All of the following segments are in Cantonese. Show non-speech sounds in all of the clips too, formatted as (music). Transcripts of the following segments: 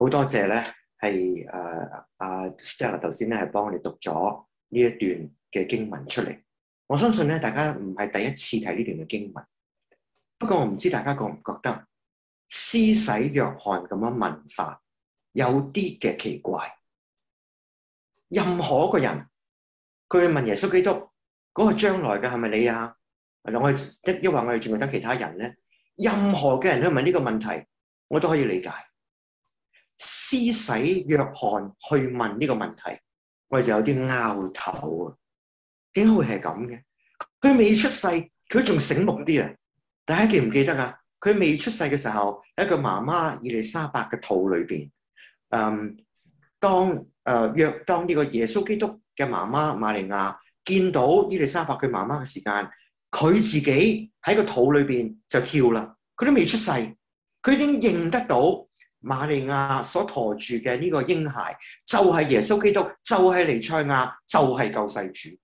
好多謝咧，係誒阿 Stella 頭先咧，係、呃、幫、啊、我哋讀咗呢一段嘅經文出嚟。我相信咧，大家唔係第一次睇呢段嘅經文。不過我唔知大家覺唔覺得，施洗約翰咁樣文化有啲嘅奇怪任、那個是是啊。任何一個人，佢去問耶穌基督，嗰個將來嘅係咪你啊？我一話我哋仲係等其他人咧，任何嘅人都問呢個問題，我都可以理解。施洗約翰去問呢個問題，我哋就有啲拗頭啊！點解會係咁嘅？佢未出世，佢仲醒目啲啊！大家記唔記得啊？佢未出世嘅時候，喺佢媽媽伊利沙伯嘅肚裏邊，嗯，當誒約、呃、當呢個耶穌基督嘅媽媽瑪利亞見到伊利沙伯佢媽媽嘅時間，佢自己喺個肚裏邊就跳啦！佢都未出世，佢已經認得到。瑪利亞所馱住嘅呢個嬰孩，就係耶穌基督，就係彌賽亞，就係救世主。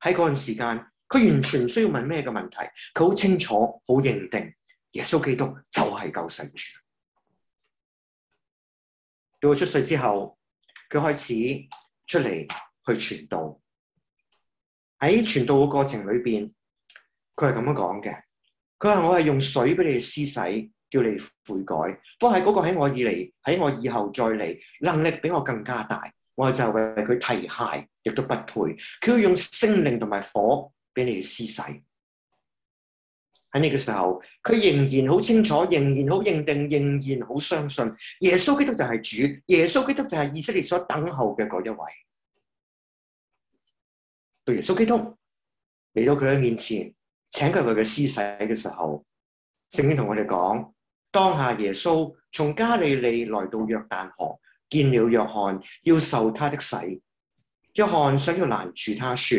喺嗰段時間，佢完全唔需要問咩嘅問題，佢好清楚，好認定耶穌基督就係救世主。到佢出世之後，佢開始出嚟去傳道。喺傳道嘅過程裏邊，佢係咁樣講嘅：佢話我係用水俾你哋施洗。叫你悔改，都係嗰個喺我以嚟，喺我以後再嚟，能力比我更加大。我就為佢提鞋，亦都不配。佢要用聖靈同埋火俾你哋施洗。喺呢個時候，佢仍然好清楚，仍然好認定，仍然好相信耶穌基督就係主，耶穌基督就係以色列所等候嘅嗰一位。對耶穌基督嚟到佢嘅面前，請佢為佢施洗嘅時候，聖經同我哋講。當下耶穌從加利利來到約旦河，見了約翰，要受他的洗。約翰想要攔住他，說：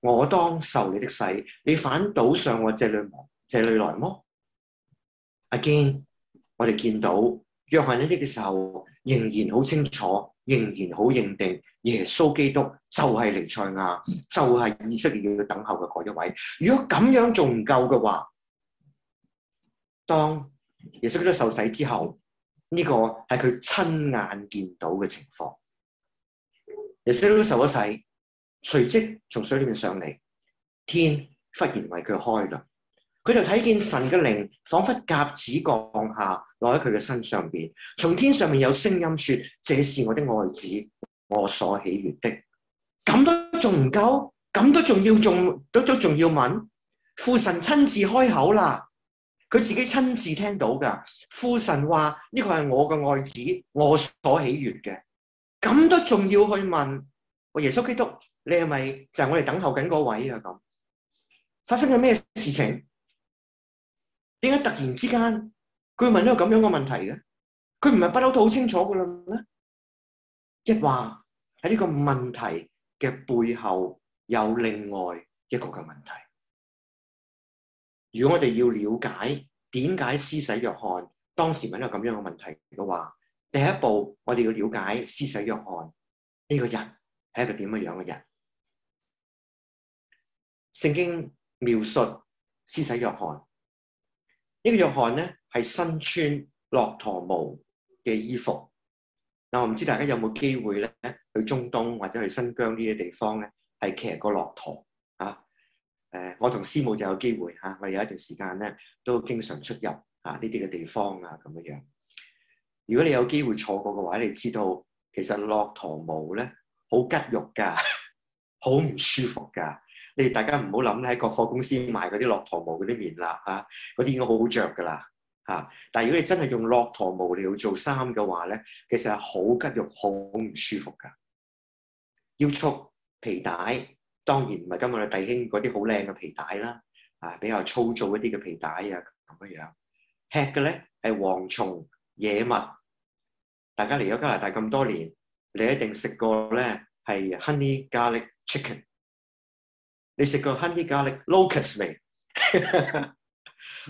我當受你的洗，你反倒上我這裏，這裏來麼？阿堅，我哋見到約翰呢啲嘅時候，仍然好清楚，仍然好認定耶穌基督就係尼賽亞，就係以色列要等候嘅嗰一位。如果咁樣仲唔夠嘅話，當。耶穌基督受洗之後，呢、這個係佢親眼見到嘅情況。耶穌基督受咗洗，隨即從水裏面上嚟，天忽然為佢開啦，佢就睇見神嘅靈仿佛鴿子降下落喺佢嘅身上邊，從天上面有聲音說：這是我的愛子，我所喜悦的。咁都仲唔夠？咁都仲要仲都都仲要問？父神親自開口啦。佢自己親自聽到噶，父神話：呢個係我嘅愛子，我所喜悅嘅，咁都仲要去問喂，耶穌基督，你係咪就係我哋等候緊嗰位啊？咁發生緊咩事情？點解突然之間佢問咗個咁樣嘅問題嘅？佢唔係不嬲都好清楚噶啦咩？一話喺呢個問題嘅背後有另外一個嘅問題。如果我哋要了解點解施洗約翰當時問一個咁樣嘅問題嘅話，第一步我哋要了解施洗約翰呢個人係一個點樣樣嘅人。聖經描述施洗約翰呢、呢個約翰咧，係身穿駱駝毛嘅衣服。嗱，我唔知大家有冇機會咧去中東或者去新疆呢啲地方咧，係騎個駱駝。誒、呃，我同師母就有機會嚇、啊，我哋有一段時間咧都經常出入嚇呢啲嘅地方啊咁樣樣。如果你有機會坐過嘅話，你知道其實駱駝毛咧好拮肉㗎，好 (laughs) 唔舒服㗎。你哋大家唔好諗咧，喺國貨公司買嗰啲駱駝毛嗰啲棉笠啊，嗰啲已經好好着㗎啦嚇。但係如果你真係用駱駝毛嚟做衫嘅話咧，其實係好拮肉、好唔舒服㗎。腰束皮帶。當然唔係今日嘅弟兄嗰啲好靚嘅皮帶啦，啊比較粗糙一啲嘅皮帶啊咁樣樣。吃嘅咧係蝗蟲野蜜。大家嚟咗加拿大咁多年，你一定食過咧係 honey garlic chicken。你食過 honey garlic locust 未？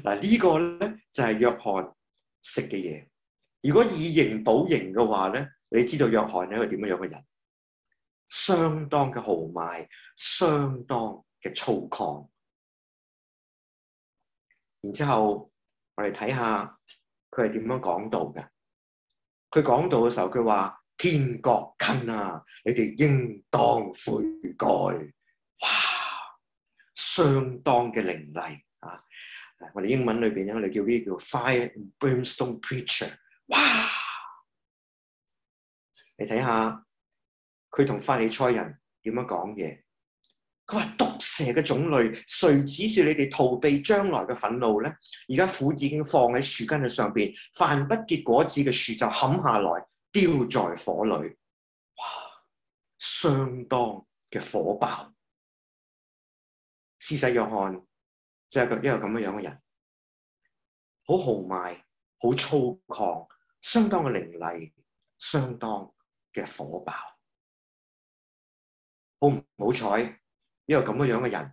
嗱呢個咧就係約翰食嘅嘢。如果以形補形嘅話咧，你知道約翰係一個點樣樣嘅人？相當嘅豪邁，相當嘅粗獷。然之後我哋睇下佢係點樣講道嘅。佢講道嘅時候，佢話天國近啊，你哋應當悔改。哇，相當嘅凌厲啊！我哋英文裏邊咧，我哋叫呢叫 fire and brimstone preacher。哇，你睇下。佢同法利賽人點樣講嘢？佢話毒蛇嘅種類，誰指示你哋逃避將來嘅憤怒咧？而家斧子已經放喺樹根嘅上邊，凡不結果子嘅樹就砍下來丟在火裏。哇，相當嘅火爆。施洗約翰即係一個咁樣樣嘅人，好豪邁，好粗獷，相當嘅凌厲，相當嘅火爆。好唔好彩？一個咁樣嘅人，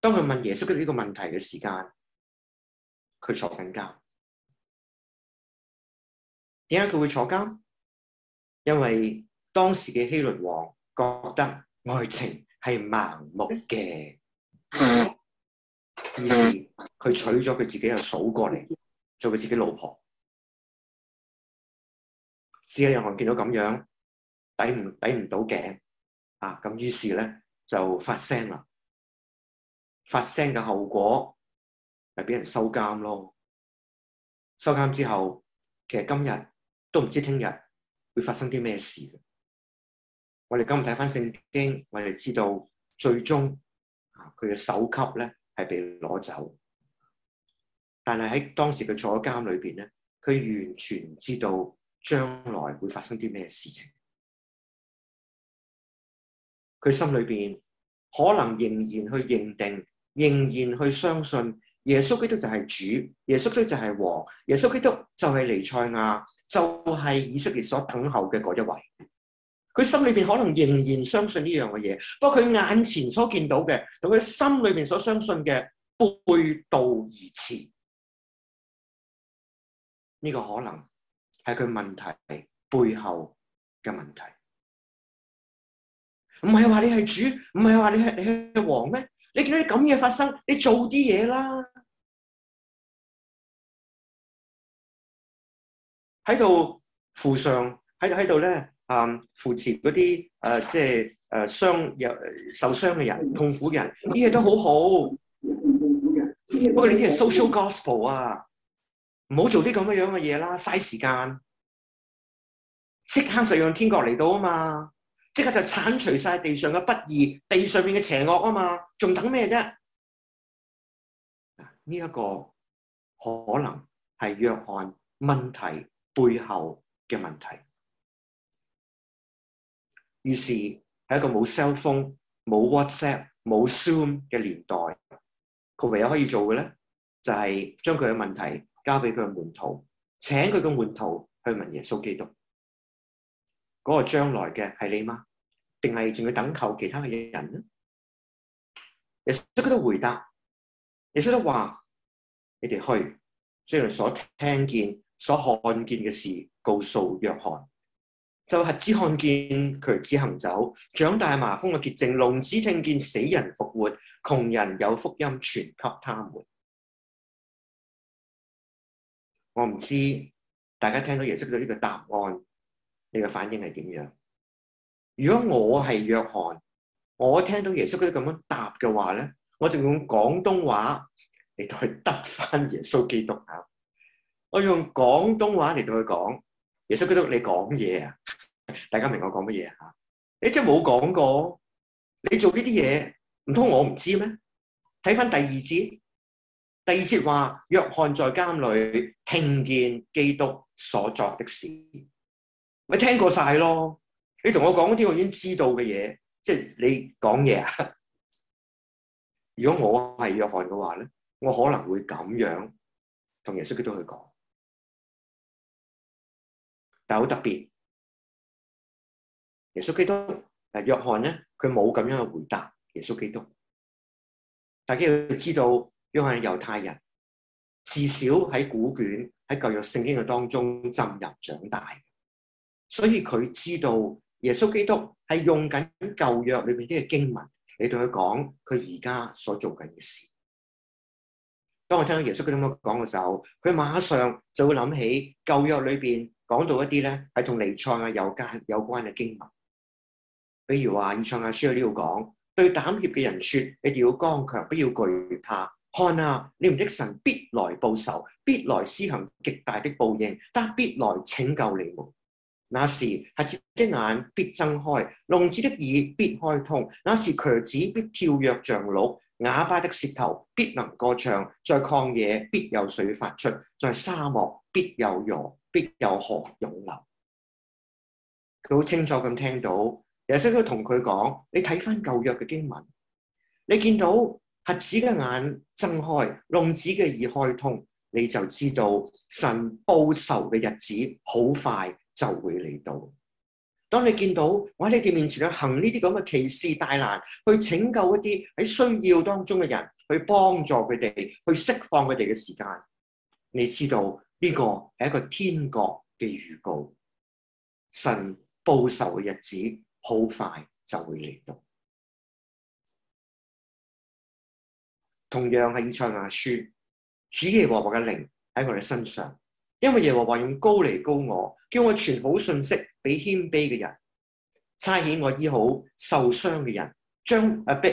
當佢問耶穌呢個問題嘅時間，佢坐緊監。點解佢會坐監？因為當時嘅希律王覺得愛情係盲目嘅，於是佢娶咗佢自己嘅嫂過嚟做佢自己的老婆。試下有人見到咁樣，抵唔抵唔到頸？啊！咁於是咧就發聲啦，發聲嘅後果係俾人收監咯。收監之後，其實今日都唔知聽日會發生啲咩事。我哋今日睇翻聖經，我哋知道最終啊，佢嘅首級咧係被攞走。但係喺當時佢坐喺監裏邊咧，佢完全唔知道將來會發生啲咩事情。佢心裏邊可能仍然去認定，仍然去相信耶穌基督就係主，耶穌基督就係王，耶穌基督就係彌賽亞，就係以色列所等候嘅嗰一位。佢心裏邊可能仍然相信呢樣嘅嘢，不過佢眼前所見到嘅同佢心裏邊所相信嘅背道而馳，呢個可能係佢問題背後嘅問題。背後的問題唔係話你係主，唔係話你係你係王咩？你見到啲咁嘢發生，你做啲嘢啦，喺度扶上，喺度喺度咧，啊、嗯，扶持嗰啲誒，即係誒傷有受傷嘅人，痛苦嘅人，呢嘢都好好。不過呢啲係 social gospel 啊，唔好做啲咁嘅樣嘅嘢啦，嘥時間，即刻就讓天國嚟到啊嘛。即刻就剷除晒地上嘅不義，地上面嘅邪惡啊嘛！仲等咩啫？呢一個可能係約翰問題背後嘅問題。於是喺一個冇 cell phone、冇 WhatsApp、冇 Zoom 嘅年代，佢唯有可以做嘅咧，就係將佢嘅問題交俾佢嘅門徒，請佢嘅門徒去問耶穌基督。嗰個將來嘅係你嗎？定係仲要等候其他嘅人咧？耶穌都回答，耶穌都話：你哋去將所，所聽見、所看見嘅事告訴約翰，就係只看見瘸子行走、長大麻風嘅潔淨、聾子聽見死人復活、窮人有福音傳給他們。我唔知大家聽到耶穌嘅呢個答案。你嘅反應係點樣？如果我係約翰，我聽到耶穌基督咁樣答嘅話咧，我就用廣東話嚟到去答翻耶穌基督啊！我用廣東話嚟到去講耶穌基督，你講嘢啊？大家明我講乜嘢啊？你真係冇講過，你做呢啲嘢唔通我唔知咩？睇翻第二節，第二節話約翰在監裏聽見基督所作的事。咪聽過晒咯！你同我講啲我已經知道嘅嘢，即係你講嘢啊！如果我係約翰嘅話咧，我可能會咁樣同耶穌基督去講。但係好特別，耶穌基督但，約翰咧佢冇咁樣嘅回答耶穌基督。大家要知道，約翰係猶太人，至少喺古卷喺舊約聖經嘅當中浸入長大。所以佢知道耶穌基督係用緊舊約裏邊啲嘅經文嚟對佢講佢而家所做緊嘅事。當我聽到耶穌基督咁講嘅時候，佢馬上就會諗起舊約裏邊講到一啲咧係同尼賽亞有關有關嘅經文，比如話以賽亞書喺呢度講對膽怯嘅人說：你哋要剛強，不要懼怕。看啊，你們的神必來報仇，必來施行極大的報應，但必來拯救你們。那時，瞎子的眼必睜開，聾子的耳必開通。那時，瘸子必跳躍像鹿，啞巴的舌頭必能歌唱。在曠野必有水發出，在沙漠必有羊必有河湧流。佢好清楚咁聽到，耶穌都同佢講：你睇返舊約嘅經文，你見到瞎子嘅眼睜開，聾子嘅耳開通，你就知道神報仇嘅日子好快，就會嚟到。當你見到我喺你哋面前去行呢啲咁嘅奇事大難，去拯救一啲喺需要當中嘅人，去幫助佢哋，去釋放佢哋嘅時間，你知道呢、這個係一個天國嘅預告。神報仇嘅日子好快就會嚟到。同樣係以賽亞書，主耶和華嘅靈喺我哋身上，因為耶和華用膏嚟膏我。要我傳好信息俾謙卑嘅人，差遣我醫好受傷嘅人，將誒逼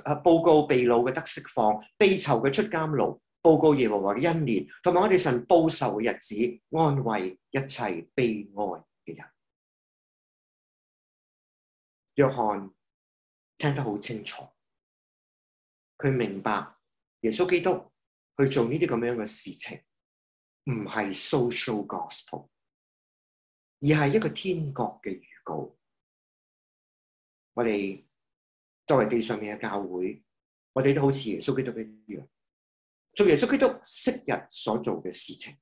誒報告被擄嘅得釋放，被囚嘅出監牢，報告耶和華嘅恩年，同埋我哋神報仇嘅日子，安慰一切悲哀嘅人。約翰聽得好清楚，佢明白耶穌基督去做呢啲咁樣嘅事情，唔係 social gospel。而係一個天國嘅預告。我哋作為地上面嘅教會，我哋都好似耶穌基督一樣，做耶穌基督昔日所做嘅事情。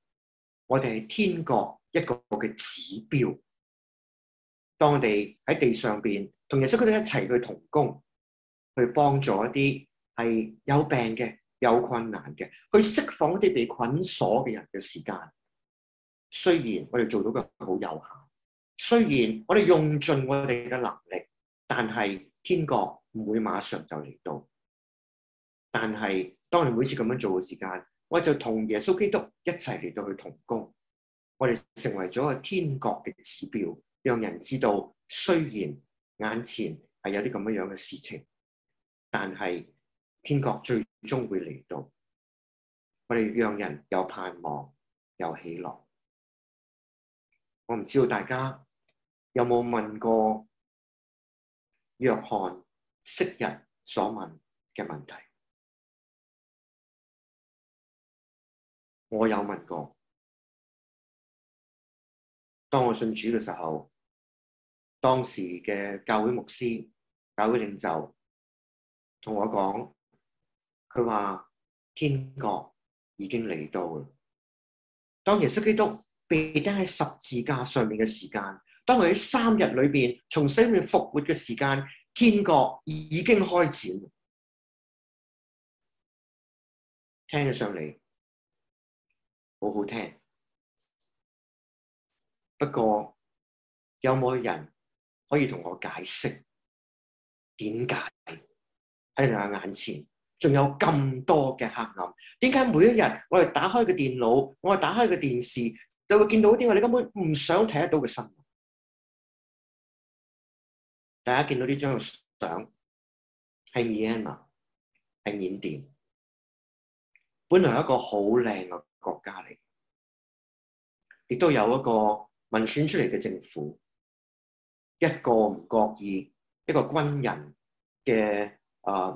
我哋係天國一個嘅指標。當我哋喺地上邊同耶穌基督一齊去同工，去幫助一啲係有病嘅、有困難嘅，去釋放一啲被捆鎖嘅人嘅時間。雖然我哋做到嘅好有限，雖然我哋用盡我哋嘅能力，但係天國唔會馬上就嚟到。但係當你每次咁樣做嘅時間，我就同耶穌基督一齊嚟到去同工，我哋成為咗個天國嘅指標，讓人知道雖然眼前係有啲咁樣樣嘅事情，但係天國最終會嚟到。我哋讓人有盼望，有喜樂。我唔知道大家有冇問過約翰昔日所問嘅問題？我有問過。當我信主嘅時候，當時嘅教會牧師、教會領袖同我講，佢話天國已經嚟到啦，當耶穌基督被釘喺十字架上面嘅時間，當佢喺三日裏邊從死面復活嘅時間，天國已經開展，聽咗上嚟好好聽。不過有冇人可以同我解釋點解喺你眼前仲有咁多嘅黑暗？點解每一日我哋打開個電腦，我哋打開個電視？就會見到啲我哋根本唔想睇得到嘅新聞。大家見到呢張相，係緬娜，係緬甸。本來係一個好靚嘅國家嚟，亦都有一個民選出嚟嘅政府，一個唔覺意，一個軍人嘅啊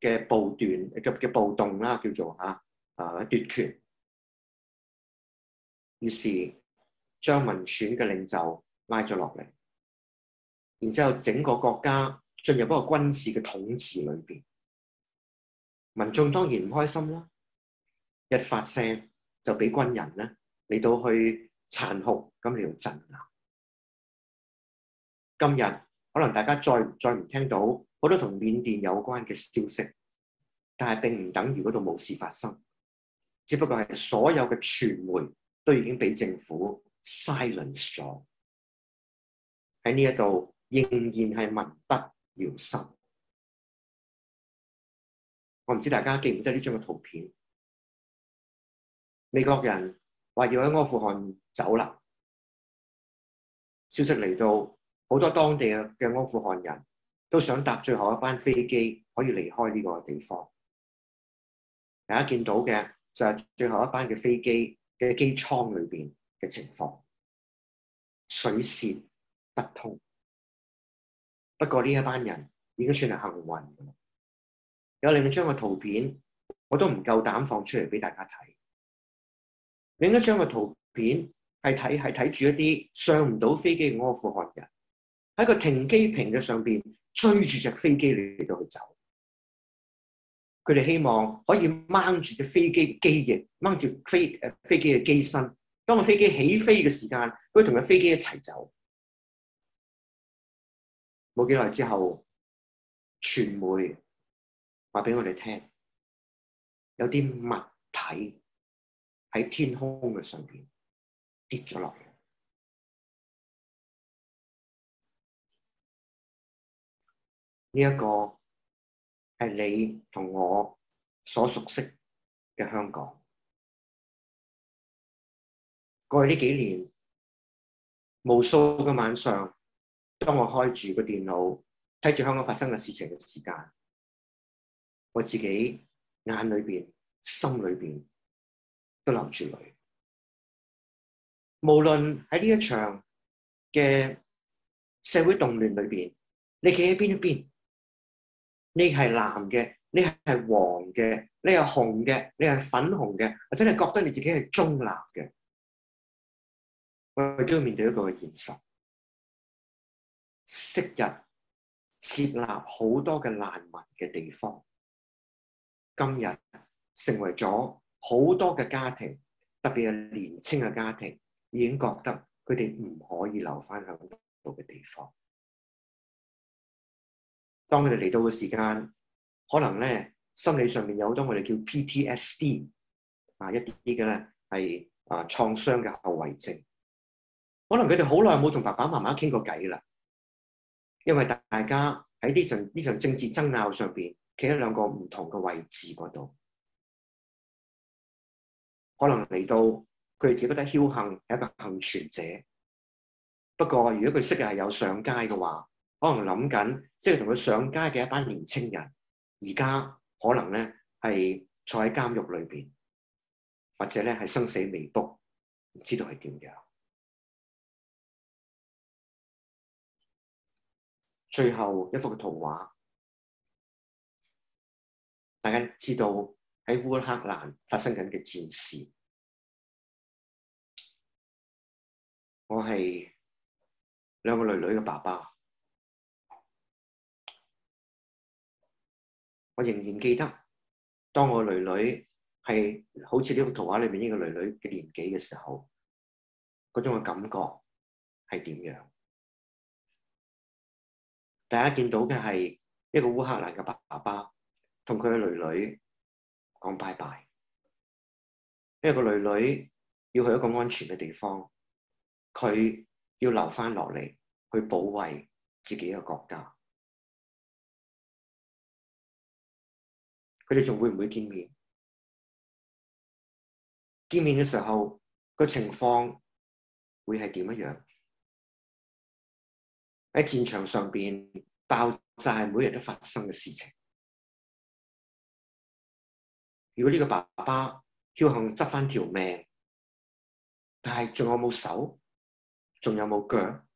嘅暴動嘅嘅暴動啦，叫做啊啊、呃、奪權。於是將民選嘅領袖拉咗落嚟，然之後整個國家進入嗰個軍事嘅統治裏邊。民眾當然唔開心啦，一發聲就俾軍人咧嚟到去殘酷，咁嚟到鎮壓。今日可能大家再再唔聽到好多同緬甸有關嘅消息，但係並唔等於嗰度冇事發生，只不過係所有嘅傳媒。都已經俾政府 silence 咗，喺呢一度仍然係民不聊生。我唔知大家記唔記得呢張嘅圖片？美國人話要喺阿富汗走啦，消息嚟到，好多當地嘅嘅阿富汗人都想搭最後一班飛機可以離開呢個地方。大家見到嘅就係最後一班嘅飛機。嘅機艙裏邊嘅情況，水泄不通。不過呢一班人已經算係幸運。有另一張嘅圖片，我都唔夠膽放出嚟俾大家睇。另一張嘅圖片係睇係睇住一啲上唔到飛機嘅阿富汗人喺個停機坪嘅上邊追住隻飛機嚟到去走。佢哋希望可以掹住隻飛機嘅機翼，掹住飛誒飛機嘅機身。當個飛機起飛嘅時間，佢同個飛機一齊走。冇幾耐之後，傳媒話俾我哋聽，有啲物體喺天空嘅上邊跌咗落嚟。呢一個係你同我所熟悉嘅香港，過去呢幾年，無數個晚上，當我開住個電腦睇住香港發生嘅事情嘅時間，我自己眼裏邊、心裏邊都流住淚。無論喺呢一場嘅社會動亂裏邊，你企喺邊一邊？你係藍嘅，你係黃嘅，你係紅嘅，你係粉紅嘅，或者你覺得你自己係中立嘅，佢都要面對一個現實：昔日設立好多嘅難民嘅地方，今日成為咗好多嘅家庭，特別係年青嘅家庭已經覺得佢哋唔可以留翻響度嘅地方。當佢哋嚟到嘅時間，可能咧心理上面有好多我哋叫 PTSD 啊，一啲嘅咧係啊創傷嘅後遺症。可能佢哋好耐冇同爸爸媽媽傾過偈啦，因為大家喺呢場呢場政治爭拗上邊企喺兩個唔同嘅位置嗰度，可能嚟到佢哋只不得僥幸係一個幸存者。不過如果佢識嘅係有上街嘅話。可能諗緊，即係同佢上街嘅一班年青人，而家可能咧係坐喺監獄裏邊，或者咧係生死未卜，唔知道係點樣。最後一幅嘅圖畫，大家知道喺烏克蘭發生緊嘅戰事。我係兩個女女嘅爸爸。我仍然記得，當我女女係好似呢幅圖畫裏面呢個女女嘅年紀嘅時候，嗰種嘅感覺係點樣？大家見到嘅係一個烏克蘭嘅爸爸同佢嘅女女講拜拜，因為個女女要去一個安全嘅地方，佢要留翻落嚟去保衞自己嘅國家。佢哋仲會唔會見面？見面嘅時候，個情況會係點樣？喺戰場上邊爆炸，每日都發生嘅事情。如果呢個爸爸僥倖執翻條命，但係仲有冇手？仲有冇腳？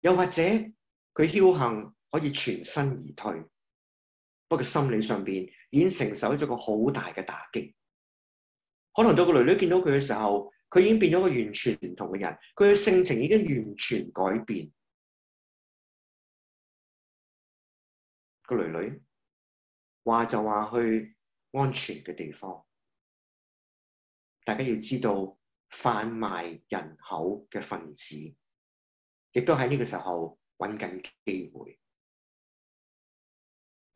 又或者佢僥倖可以全身而退？不過心理上邊已經承受咗個好大嘅打擊，可能到個女女見到佢嘅時候，佢已經變咗個完全唔同嘅人，佢嘅性情已經完全改變。個女女話就話去安全嘅地方，大家要知道販賣人口嘅分子，亦都喺呢個時候搵緊機會。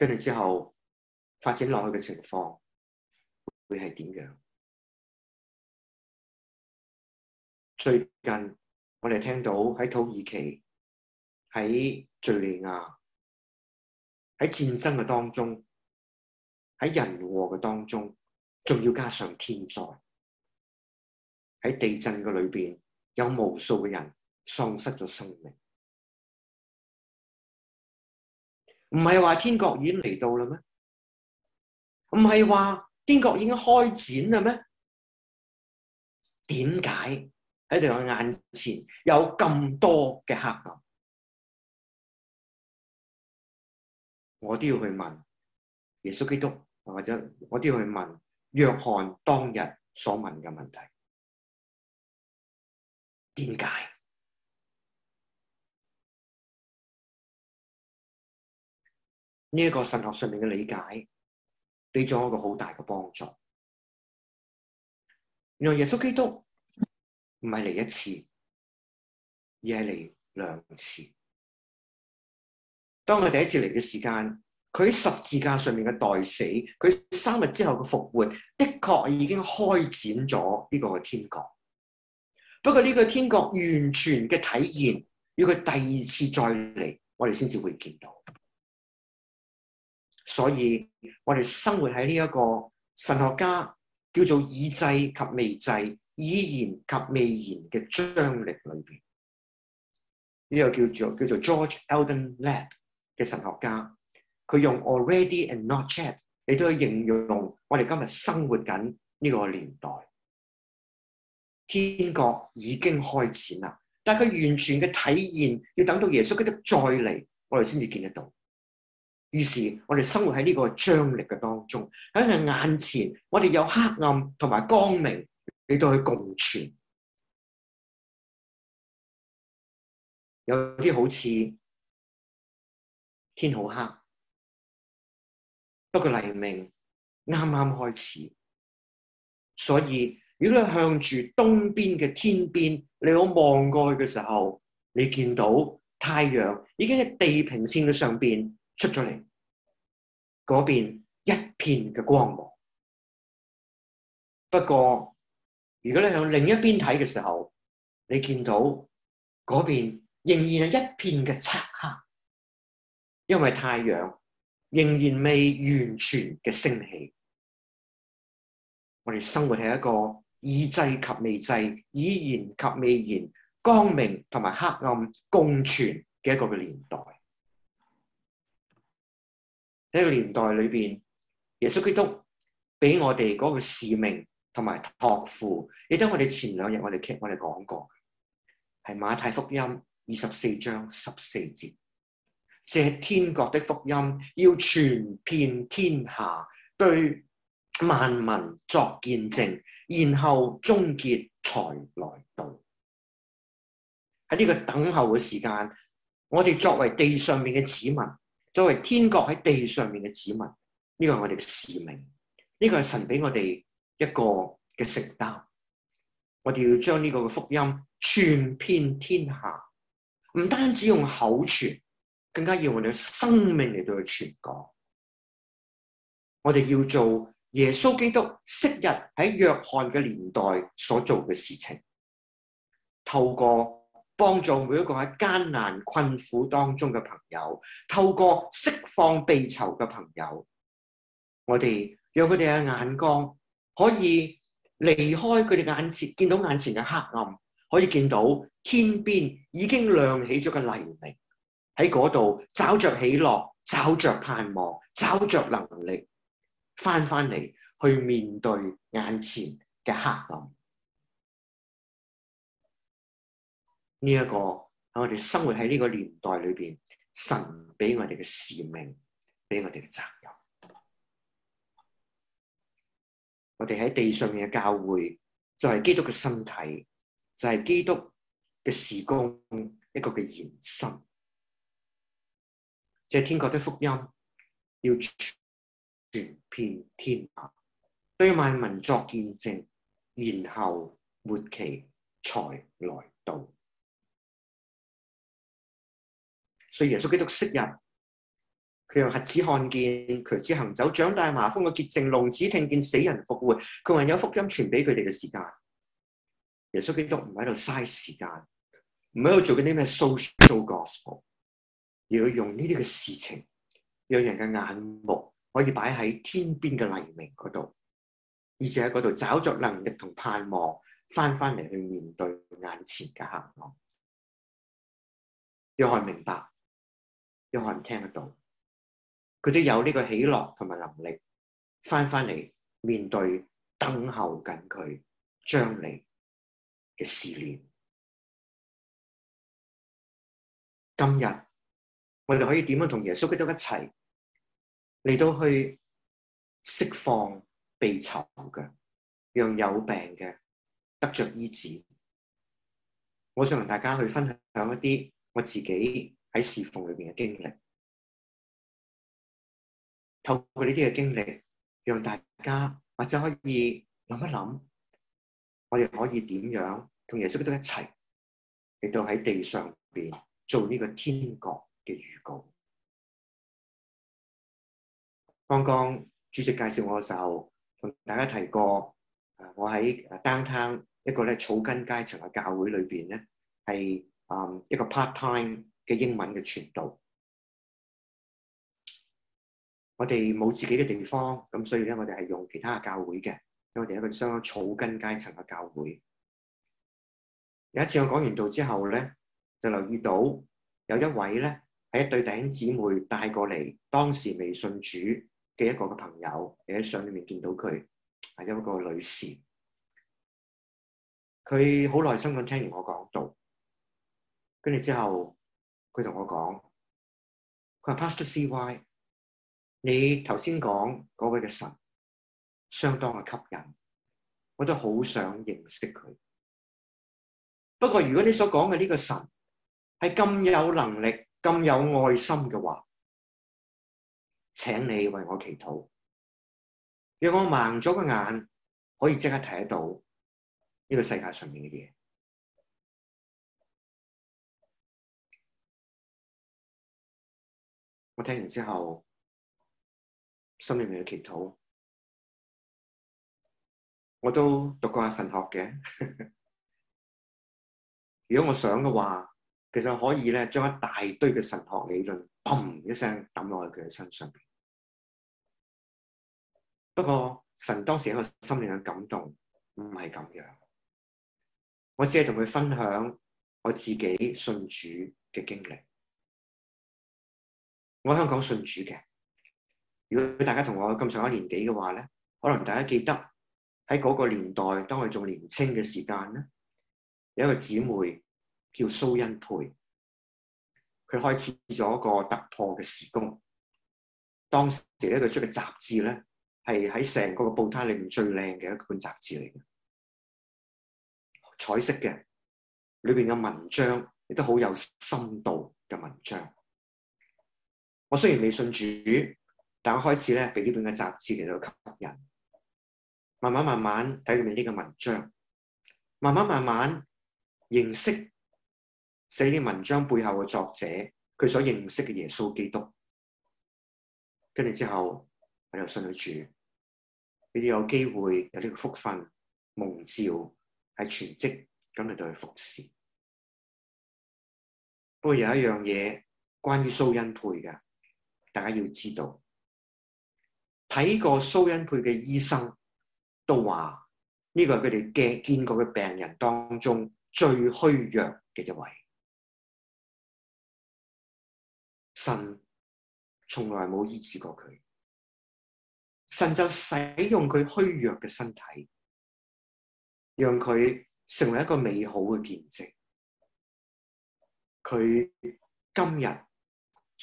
跟住之後發展落去嘅情況會係點樣？最近我哋聽到喺土耳其、喺敍利亞、喺戰爭嘅當中，喺人禍嘅當中，仲要加上天災，喺地震嘅裏邊，有無數嘅人喪失咗生命。唔係話天國已經嚟到啦咩？唔係話天國已經開展啦咩？點解喺對我眼前有咁多嘅黑暗？我都要去問耶穌基督，或者我都要去問約翰當日所問嘅問題，點解？呢一個神學上面嘅理解，俾咗我一個好大嘅幫助。原來耶穌基督唔係嚟一次，而係嚟兩次。當佢第一次嚟嘅時間，佢喺十字架上面嘅代死，佢三日之後嘅復活，的確已經開展咗呢個嘅天國。不過呢個天國完全嘅體現，要佢第二次再嚟，我哋先至會見到。所以我哋生活喺呢一個神學家叫做以制及未制、以言及未言嘅張力裏邊。呢、這個叫做叫做 George Eldon Ladd 嘅神學家，佢用 already and not yet，你都要形容我哋今日生活緊呢個年代，天國已經開始啦，但係佢完全嘅體驗要等到耶穌基督再嚟，我哋先至見得到。於是，我哋生活喺呢個張力嘅當中，喺佢眼前，我哋有黑暗同埋光明，俾到佢共存。有啲好似天好黑，不過黎明啱啱開始。所以，如果你向住東邊嘅天邊，你我望過去嘅時候，你見到太陽已經喺地平線嘅上邊。出咗嚟，嗰邊一片嘅光芒。不過，如果你向另一邊睇嘅時候，你見到嗰邊仍然係一片嘅漆黑，因為太陽仍然未完全嘅升起。我哋生活係一個已製及未製、已然及未然、光明同埋黑暗共存嘅一個嘅年代。呢個年代裏邊，耶穌基督俾我哋嗰個使命同埋託付，亦都我哋前兩日我哋 keep 我哋講過，係馬太福音二十四章十四節，借天國的福音要傳遍天下，對萬民作見證，然後終結才來到。喺呢個等候嘅時間，我哋作為地上面嘅子民。作為天國喺地上面嘅子民，呢個係我哋嘅使命，呢個係神俾我哋一個嘅承擔。我哋要將呢個嘅福音傳遍天下，唔單止用口傳，更加要我哋嘅生命嚟到去傳講。我哋要做耶穌基督昔日喺約翰嘅年代所做嘅事情，透過，幫助每一個喺艱難困苦當中嘅朋友，透過釋放被囚嘅朋友，我哋讓佢哋嘅眼光可以離開佢哋眼前，見到眼前嘅黑暗，可以見到天邊已經亮起咗嘅黎明。喺嗰度找着喜樂，找着盼望，找着能力，翻翻嚟去面對眼前嘅黑暗。呢一、這個喺我哋生活喺呢個年代裏邊，神俾我哋嘅使命，俾我哋嘅責任。我哋喺地上面嘅教會，就係、是、基督嘅身體，就係、是、基督嘅時光一個嘅延伸。借天國的福音，要傳遍天下，對萬民作見證，然後末期才來到。所以耶穌基督識人，佢讓瞎子看見，瘸子行走，長大麻風嘅潔淨，聾子聽見，死人復活，佢話有福音傳俾佢哋嘅時間。耶穌基督唔喺度嘥時間，唔喺度做緊啲咩 social gospel，而要用呢啲嘅事情，讓人嘅眼目可以擺喺天邊嘅黎明嗰度，而且喺嗰度找着能力同盼望，翻翻嚟去面對眼前嘅黑暗。約翰明白。都可能聽得到，佢都有呢個喜樂同埋能力，翻翻嚟面對等候緊佢將來嘅試煉。今日我哋可以點樣同耶穌基督一齊嚟到去釋放被囚嘅，讓有病嘅得着醫治。我想同大家去分享一啲我自己。喺侍奉裏邊嘅經歷，透過呢啲嘅經歷，讓大家或者可以諗一諗，我哋可以點樣同耶穌都一齊，嚟到喺地上邊做呢個天國嘅預告。剛剛主席介紹我嘅時候，同大家提過我在，我喺 Downtown 一個咧草根階層嘅教會裏邊咧，係啊、嗯、一個 part time。嘅英文嘅傳道，我哋冇自己嘅地方，咁所以咧，我哋係用其他嘅教會嘅，因為我哋係一個相當草根階層嘅教會。有一次我講完道之後咧，就留意到有一位咧係一對弟兄姊妹帶過嚟，當時未信主嘅一個嘅朋友，喺相裏面見到佢係一個女士，佢好耐心咁聽完我講道，跟住之後。佢同我講，佢話 Pastor C Y，你頭先講嗰位嘅神相當嘅吸引，我都好想認識佢。不過，如果你所講嘅呢個神係咁有能力、咁有愛心嘅話，請你為我祈禱，讓我盲咗個眼，可以即刻睇得到呢個世界上面嘅嘢。我聽完之後，心裏面嘅祈禱。我都讀過下神學嘅，如果我想嘅話，其實可以咧將一大堆嘅神學理論砰一聲抌落去佢嘅身上。不過神當時喺我心裏面嘅感動唔係咁樣，我只係同佢分享我自己信主嘅經歷。我喺香港信主嘅，如果大家同我咁上一年紀嘅話咧，可能大家記得喺嗰個年代，當我仲年青嘅時間咧，有一個姊妹叫蘇恩佩，佢開始咗一個突破嘅時工。當時咧佢出嘅雜誌咧，係喺成個個報攤裏邊最靚嘅一本雜誌嚟嘅，彩色嘅，裏邊嘅文章亦都好有深度嘅文章。我雖然未信主，但我開始咧俾呢本嘅雜誌其實吸引，慢慢慢慢睇到呢個文章，慢慢慢慢認識寫啲文章背後嘅作者，佢所認識嘅耶穌基督，跟住之後我哋就信咗主，你哋有機會有呢個福分蒙召係全職咁嚟到去服侍。不過有一樣嘢關於蘇恩佩嘅。大家要知道，睇過蘇恩佩嘅醫生都話呢個係佢哋嘅見過嘅病人當中最虛弱嘅一位。神從來冇醫治過佢，神就使用佢虛弱嘅身體，讓佢成為一個美好嘅見證。佢今日。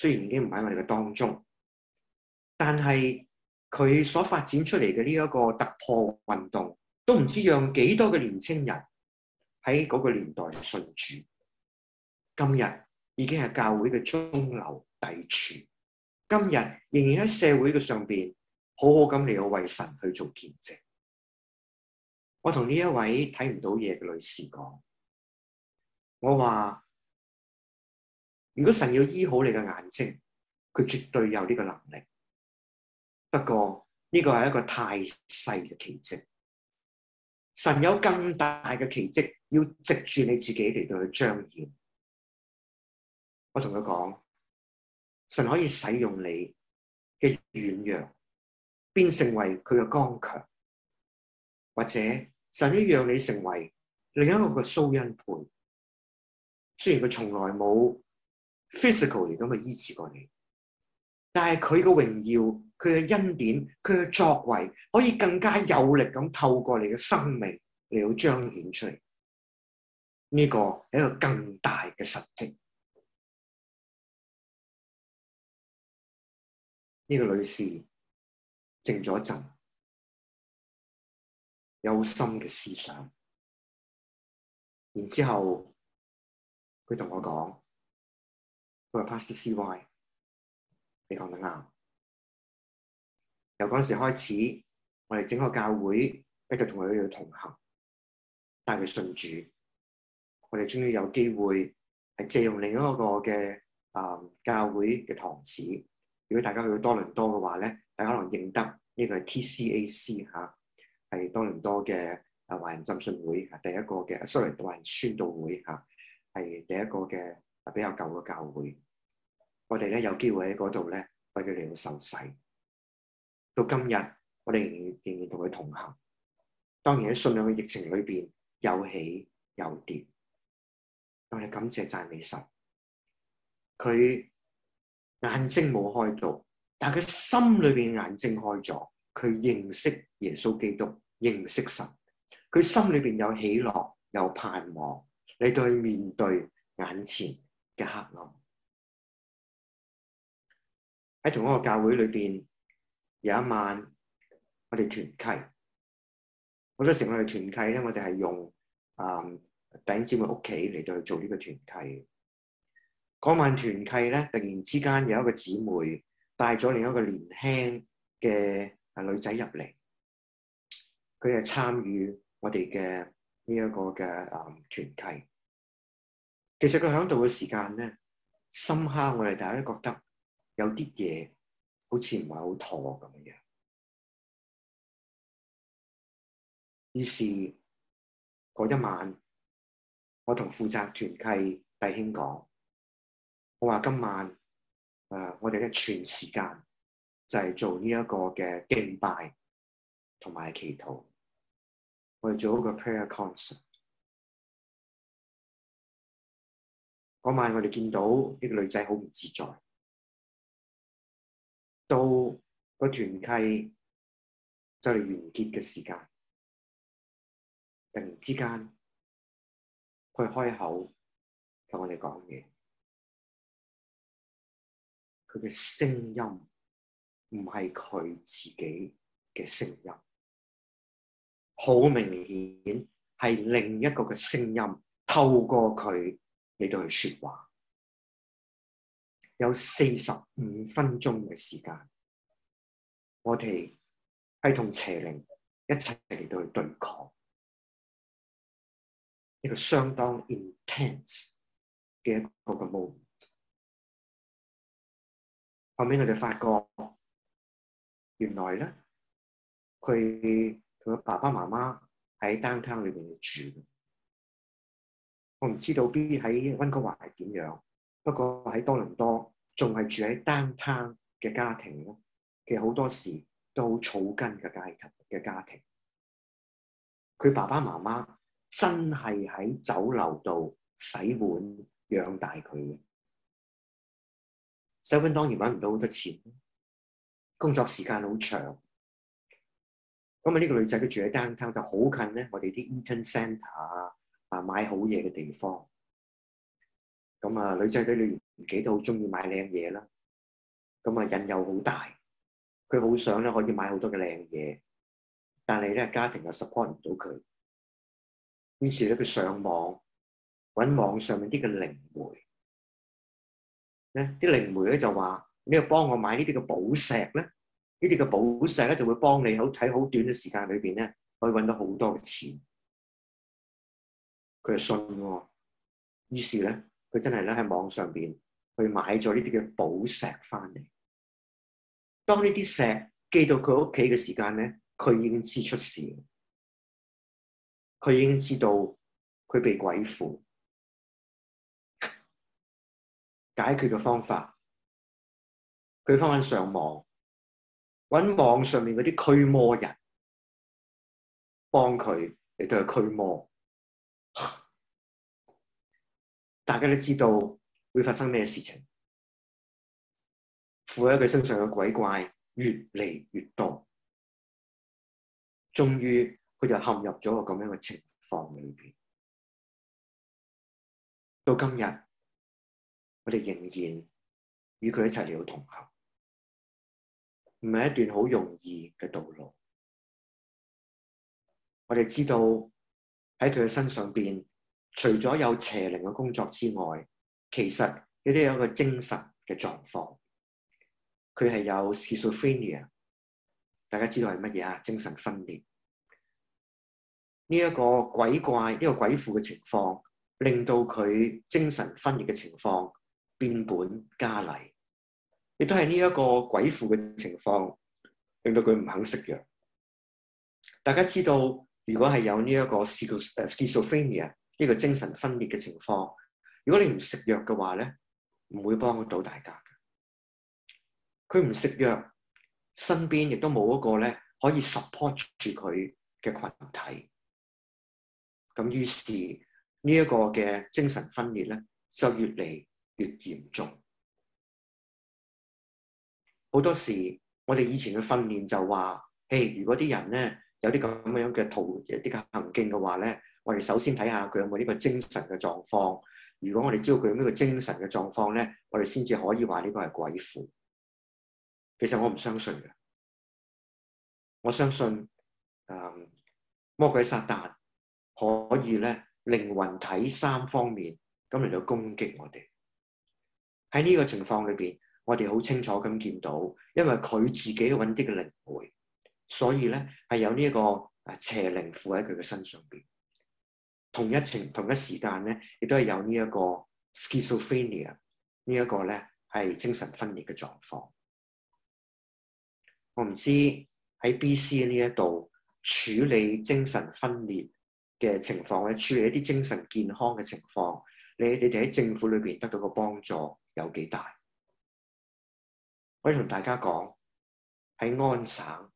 雖然已經唔喺我哋嘅當中，但係佢所發展出嚟嘅呢一個突破運動，都唔知讓幾多嘅年青人喺嗰個年代信主。今日已經係教會嘅中流砥柱，今日仍然喺社會嘅上邊好好咁嚟到為神去做見證。我同呢一位睇唔到嘢嘅女士講，我話。如果神要醫好你嘅眼睛，佢絕對有呢個能力。不過呢個係一個太細嘅奇跡。神有咁大嘅奇跡，要藉住你自己嚟到去彰顯。我同佢講，神可以使用你嘅軟弱，變成為佢嘅剛強，或者神要讓你成為另一個嘅蘇恩培。雖然佢從來冇。physical 嚟咁去醫治過你，但係佢個榮耀、佢嘅恩典、佢嘅作為，可以更加有力咁透過你嘅生命嚟到彰顯出嚟，呢、這個係一個更大嘅實績。呢、這個女士靜咗一陣，有心嘅思想，然之後佢同我講。佢話 Pastor C Y，你講得啱。由嗰陣時開始，我哋整個教會一直同佢去同行，帶佢信主。我哋終於有機會係借用另一個嘅啊教會嘅堂址。如果大家去到多倫多嘅話咧，大家可能認得呢個係 T C A C 嚇，係多倫多嘅華人浸信會第一個嘅。Sorry，華人宣道會嚇係第一個嘅。比較舊嘅教會，我哋咧有機會喺嗰度咧為佢哋去受洗。到今日，我哋仍然仍然同佢同行。當然喺信仰嘅疫情裏邊，又起又跌。我哋感謝讚美神，佢眼睛冇開到，但係佢心裏邊眼睛開咗，佢認識耶穌基督，認識神。佢心裏邊有喜樂，有盼望，你到佢面對眼前。嘅黑暗。喺同一個教會裏邊，有一晚我哋團契，我哋成日去團契咧。我哋係用啊頂姊妹屋企嚟到去做呢個團契的。嗰晚團契咧，突然之間有一個姊妹帶咗另一個年輕嘅女仔入嚟，佢係參與我哋嘅呢一個嘅啊團契。其實佢喺度嘅時間咧，深刻我哋大家都覺得有啲嘢好似唔係好妥咁樣。於是嗰一晚，我同負責團契弟兄講，我話今晚，呃，我哋嘅全時間就係做呢一個嘅敬拜同埋祈禱，我哋做一個 prayer concert。嗰晚我哋見到呢個女仔好唔自在，到個團契就嚟完結嘅時間，突然之間佢開口同我哋講嘢，佢嘅聲音唔係佢自己嘅聲音，好明顯係另一個嘅聲音透過佢。你都去說話，有四十五分鐘嘅時間，我哋係同邪靈一齊嚟到去對抗一個相當 intense 嘅一個 moment。後面我哋發覺，原來咧佢佢爸爸媽媽喺單 n 裏面住。我唔知道 B 喺溫哥華係點樣，不過喺多倫多仲係住喺 Downtown 嘅家庭咯。其實好多時都好草根嘅階級嘅家庭，佢爸爸媽媽真係喺酒樓度洗碗養大佢嘅。洗碗當然揾唔到好多錢，工作時間好長。咁啊，呢個女仔佢住喺 Downtown 就好近咧，我哋啲 Eaton Centre 啊。啊，買好嘢嘅地方，咁啊，女仔對女唔幾都好中意買靚嘢啦，咁啊，引誘好大，佢好想咧可以買好多嘅靚嘢，但係咧家庭又 support 唔到佢，於是咧佢上網搵網上面啲嘅靈媒咧，啲靈媒咧就話，你要幫我買呢啲嘅寶石咧，呢啲嘅寶石咧就會幫你好喺好短嘅時間裏邊咧可以搵到好多嘅錢。佢就信喎，於是咧，佢真係咧喺網上邊去買咗呢啲嘅寶石翻嚟。當呢啲石寄到佢屋企嘅時間咧，佢已經知出事，佢已經知道佢被鬼附。解決嘅方法，佢翻返上網，搵網上面嗰啲驅魔人幫佢嚟到去驅魔。大家都知道會發生咩事情，附喺佢身上嘅鬼怪越嚟越多，終於佢就陷入咗個咁樣嘅情況裏邊。到今日，我哋仍然與佢一齊嚟到同行，唔係一段好容易嘅道路。我哋知道喺佢嘅身上邊。除咗有邪靈嘅工作之外，其實亦都有一個精神嘅狀況，佢係有 schizophrenia。大家知道係乜嘢啊？精神分裂呢一個鬼怪、呢個鬼附嘅情況，令到佢精神分裂嘅情況變本加厲。亦都係呢一個鬼附嘅情況，令到佢唔肯食藥。大家知道，如果係有呢一個 schizophrenia。呢個精神分裂嘅情況，如果你唔食藥嘅話咧，唔會幫到大家嘅。佢唔食藥，身邊亦都冇一個咧可以 support 住佢嘅群體。咁於是呢一個嘅精神分裂咧，就越嚟越嚴重。好多時我哋以前嘅訓練就話，誒，如果啲人咧有啲咁樣嘅途嘅啲行徑嘅話咧。我哋首先睇下佢有冇呢個精神嘅狀況。如果我哋知道佢有咩精神嘅狀況咧，我哋先至可以話呢個係鬼附。其實我唔相信嘅，我相信誒、嗯、魔鬼撒旦可以咧靈魂體三方面咁嚟到攻擊我哋。喺呢個情況裏邊，我哋好清楚咁見到，因為佢自己揾啲嘅靈媒，所以咧係有呢一個邪靈附喺佢嘅身上邊。同一程同一時間咧，亦都係有呢一個 schizophrenia 呢一個咧係精神分裂嘅狀況。我唔知喺 B.C 呢一度處理精神分裂嘅情況，或處理一啲精神健康嘅情況，你你哋喺政府裏邊得到嘅幫助有幾大？我可以同大家講，喺安省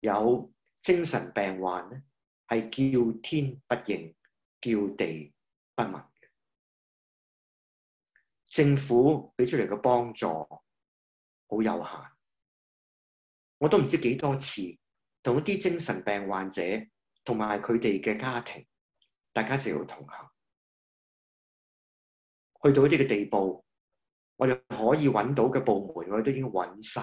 有精神病患咧，係叫天不應。叫地不聞，政府俾出嚟嘅幫助好有限。我都唔知幾多次同一啲精神病患者同埋佢哋嘅家庭，大家一要同行，去到一啲嘅地步，我哋可以揾到嘅部門，我哋都已經揾晒。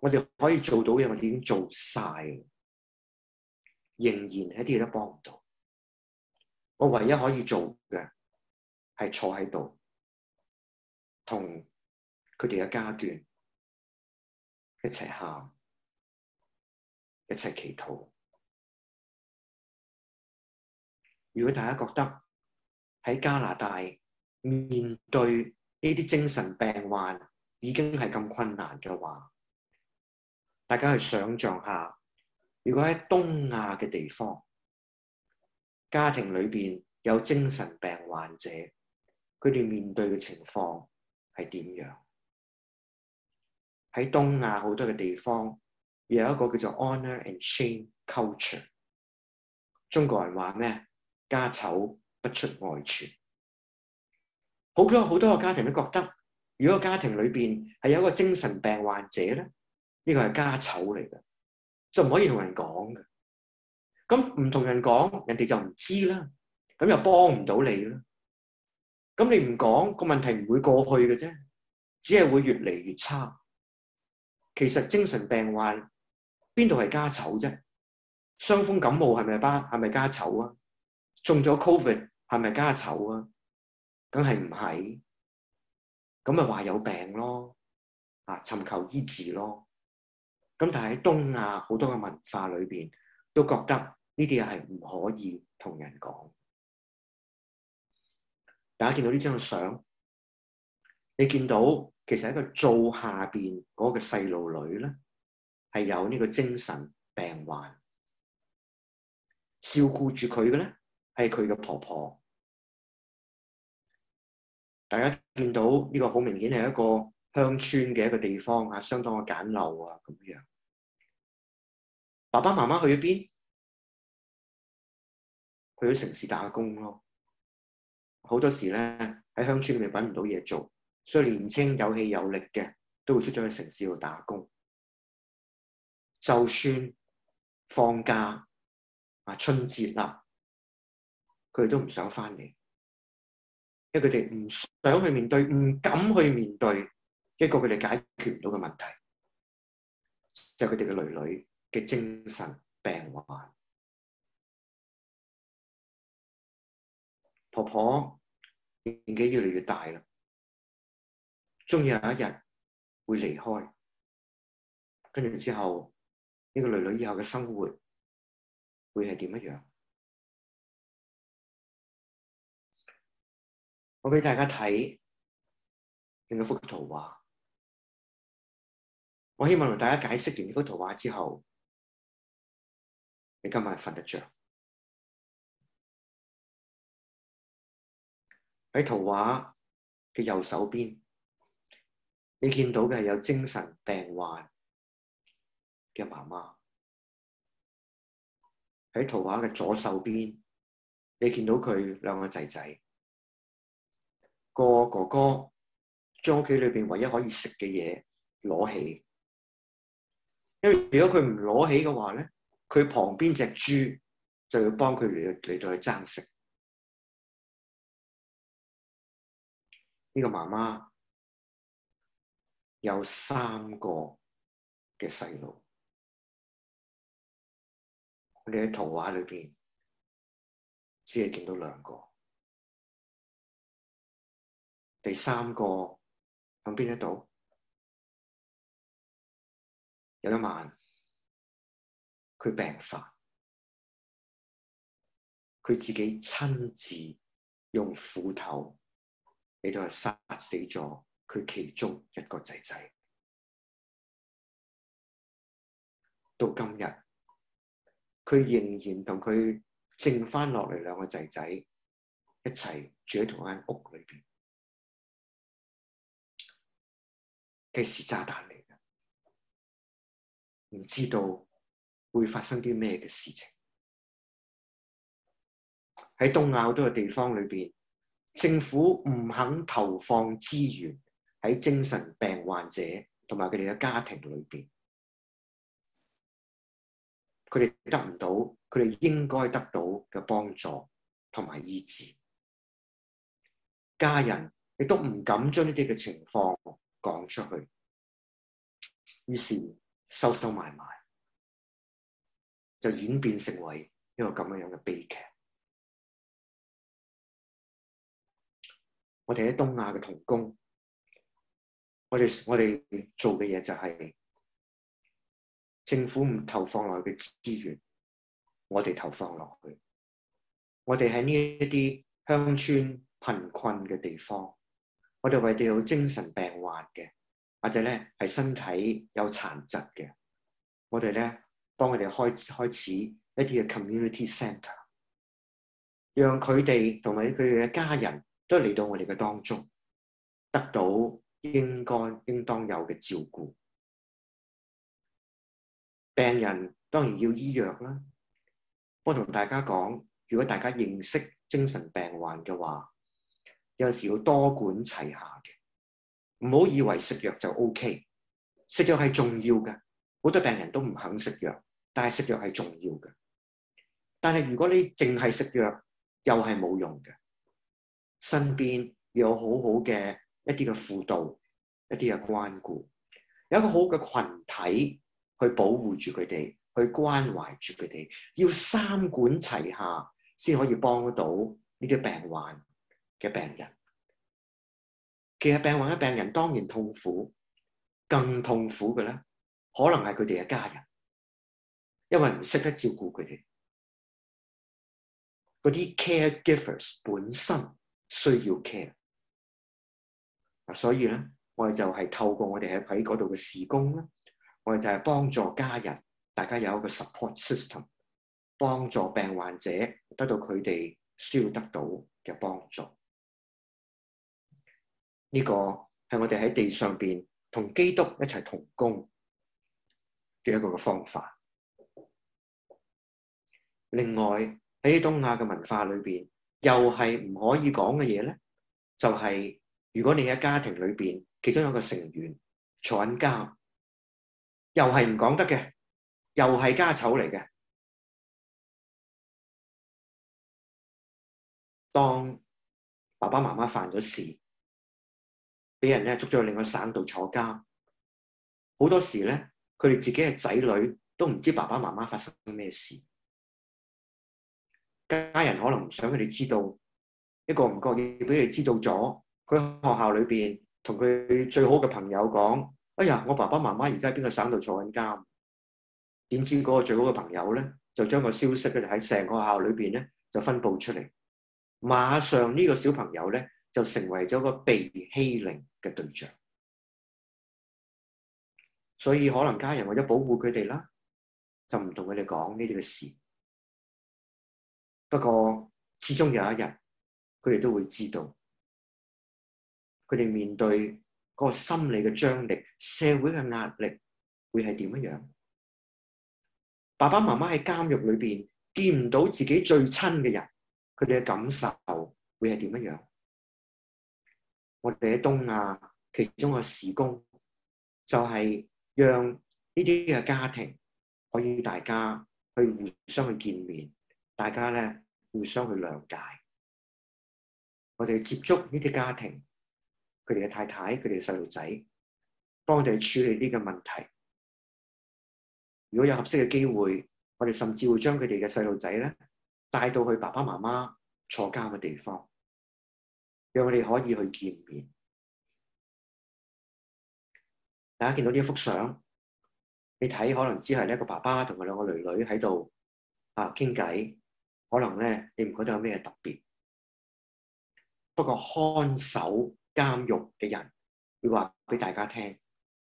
我哋可以做到嘅，我哋已經做晒，仍然係一啲嘢都幫唔到。我唯一可以做嘅係坐喺度，同佢哋嘅家眷一齊喊，一齊祈禱。如果大家覺得喺加拿大面對呢啲精神病患已經係咁困難嘅話，大家去想像下，如果喺東亞嘅地方。家庭裏邊有精神病患者，佢哋面對嘅情況係點樣？喺東亞好多嘅地方，有一個叫做 honor and shame culture。中國人話咩？家醜不出外傳。好多好多個家庭都覺得，如果家庭裏邊係有一個精神病患者咧，呢個係家醜嚟嘅，就唔可以同人講嘅。咁唔同人講，人哋就唔知啦。咁又幫唔到你啦。咁你唔講，個問題唔會過去嘅啫，只係會越嚟越差。其實精神病患邊度係家醜啫？傷風感冒係咪巴係咪家醜啊？中咗 COVID 係咪家醜啊？梗係唔係？咁咪話有病咯，啊，尋求醫治咯。咁但係喺東亞好多嘅文化裏面，都覺得。呢啲又係唔可以同人講。大家見到呢張相，你見到其實喺個灶下邊嗰個細路女呢，係有呢個精神病患，照顧住佢嘅呢係佢嘅婆婆。大家見到呢個好明顯係一個鄉村嘅一個地方啊，相當嘅簡陋啊咁樣。爸爸媽媽去咗邊？去咗城市打工咯，好多時咧喺鄉村裏面揾唔到嘢做，所以年青有氣有力嘅都會出咗去城市度打工。就算放假啊春節啦，佢哋都唔想翻嚟，因為佢哋唔想去面對，唔敢去面對一個佢哋解決唔到嘅問題，就係佢哋嘅女女嘅精神病患。婆婆年紀越嚟越大啦，終有一日會離開，跟住之後呢、呢個女女以後嘅生活會係點樣？我俾大家睇另一幅圖畫，我希望同大家解釋完呢幅圖畫之後，你今晚瞓得着。喺圖畫嘅右手邊，你見到嘅係有精神病患嘅媽媽。喺圖畫嘅左手邊，你見到佢兩個仔仔。個哥哥將屋企裏邊唯一可以食嘅嘢攞起，因為如果佢唔攞起嘅話咧，佢旁邊隻豬就要幫佢嚟到去爭食。呢個媽媽有三個嘅細路，我哋喺圖畫裏邊只係見到兩個，第三個響邊一度？有一晚，佢病發，佢自己親自用斧頭。喺度係殺死咗佢其中一個仔仔，到今日佢仍然同佢剩翻落嚟兩個仔仔一齊住喺同一間屋裏邊，計時炸彈嚟嘅，唔知道會發生啲咩嘅事情。喺東亞好多嘅地方裏邊。政府唔肯投放資源喺精神病患者同埋佢哋嘅家庭裏邊，佢哋得唔到佢哋應該得到嘅幫助同埋醫治，家人亦都唔敢將呢啲嘅情況講出去，於是收收埋埋，就演變成為一個咁樣樣嘅悲劇。我哋喺東亞嘅童工，我哋我哋做嘅嘢就係政府唔投放落去嘅資源，我哋投放落去。我哋喺呢一啲鄉村貧困嘅地方，我哋為到有精神病患嘅，或者咧係身體有殘疾嘅，我哋咧幫佢哋開開始一啲嘅 community centre，讓佢哋同埋佢哋嘅家人。都嚟到我哋嘅當中，得到應該、應當有嘅照顧。病人當然要醫藥啦。我同大家講，如果大家認識精神病患嘅話，有陣時要多管齊下嘅。唔好以為食藥就 OK，食藥係重要嘅。好多病人都唔肯食藥，但係食藥係重要嘅。但係如果你淨係食藥，又係冇用嘅。身邊有好好嘅一啲嘅輔導，一啲嘅關顧，有一個好嘅群體去保護住佢哋，去關懷住佢哋，要三管齊下先可以幫到呢啲病患嘅病人。其實病患嘅病人當然痛苦，更痛苦嘅咧，可能係佢哋嘅家人，因為唔識得照顧佢哋，嗰啲 caregivers 本身。需要 care 嗱，所以咧，我哋就係透過我哋喺喺嗰度嘅事工咧，我哋就係幫助家人，大家有一個 support system，幫助病患者得到佢哋需要得到嘅幫助。呢個係我哋喺地上邊同基督一齊同工嘅一個嘅方法。另外喺東亞嘅文化裏邊，又係唔可以講嘅嘢咧，就係如果你喺家庭裏邊，其中有一個成員坐緊監，又係唔講得嘅，又係家醜嚟嘅。當爸爸媽媽犯咗事，俾人咧捉咗去另外省度坐監，好多時咧，佢哋自己嘅仔女都唔知爸爸媽媽發生咗咩事。家人可能唔想佢哋知道一個唔覺意俾佢哋知道咗，佢學校裏邊同佢最好嘅朋友講：哎呀，我爸爸媽媽而家邊個省度坐緊監？點知嗰個最好嘅朋友咧，就將個消息咧喺成個學校裏邊咧就分布出嚟，馬上呢個小朋友咧就成為咗個被欺凌嘅對象。所以可能家人為咗保護佢哋啦，就唔同佢哋講呢啲嘅事。不過始終有一日，佢哋都會知道，佢哋面對嗰個心理嘅張力、社會嘅壓力，會係點樣？爸爸媽媽喺監獄裏邊見唔到自己最親嘅人，佢哋嘅感受會係點樣？我哋喺東亞，其中嘅事工就係、是、讓呢啲嘅家庭可以大家去互相去見面。大家咧互相去諒解，我哋接觸呢啲家庭，佢哋嘅太太、佢哋嘅細路仔，幫佢哋處理呢個問題。如果有合適嘅機會，我哋甚至會將佢哋嘅細路仔咧帶到去爸爸媽媽坐監嘅地方，讓佢哋可以去見面。大家見到呢一幅相，你睇可能只係一個爸爸同佢兩個女女喺度啊傾偈。可能咧你唔覺得有咩特別，不過看守監獄嘅人會話俾大家聽，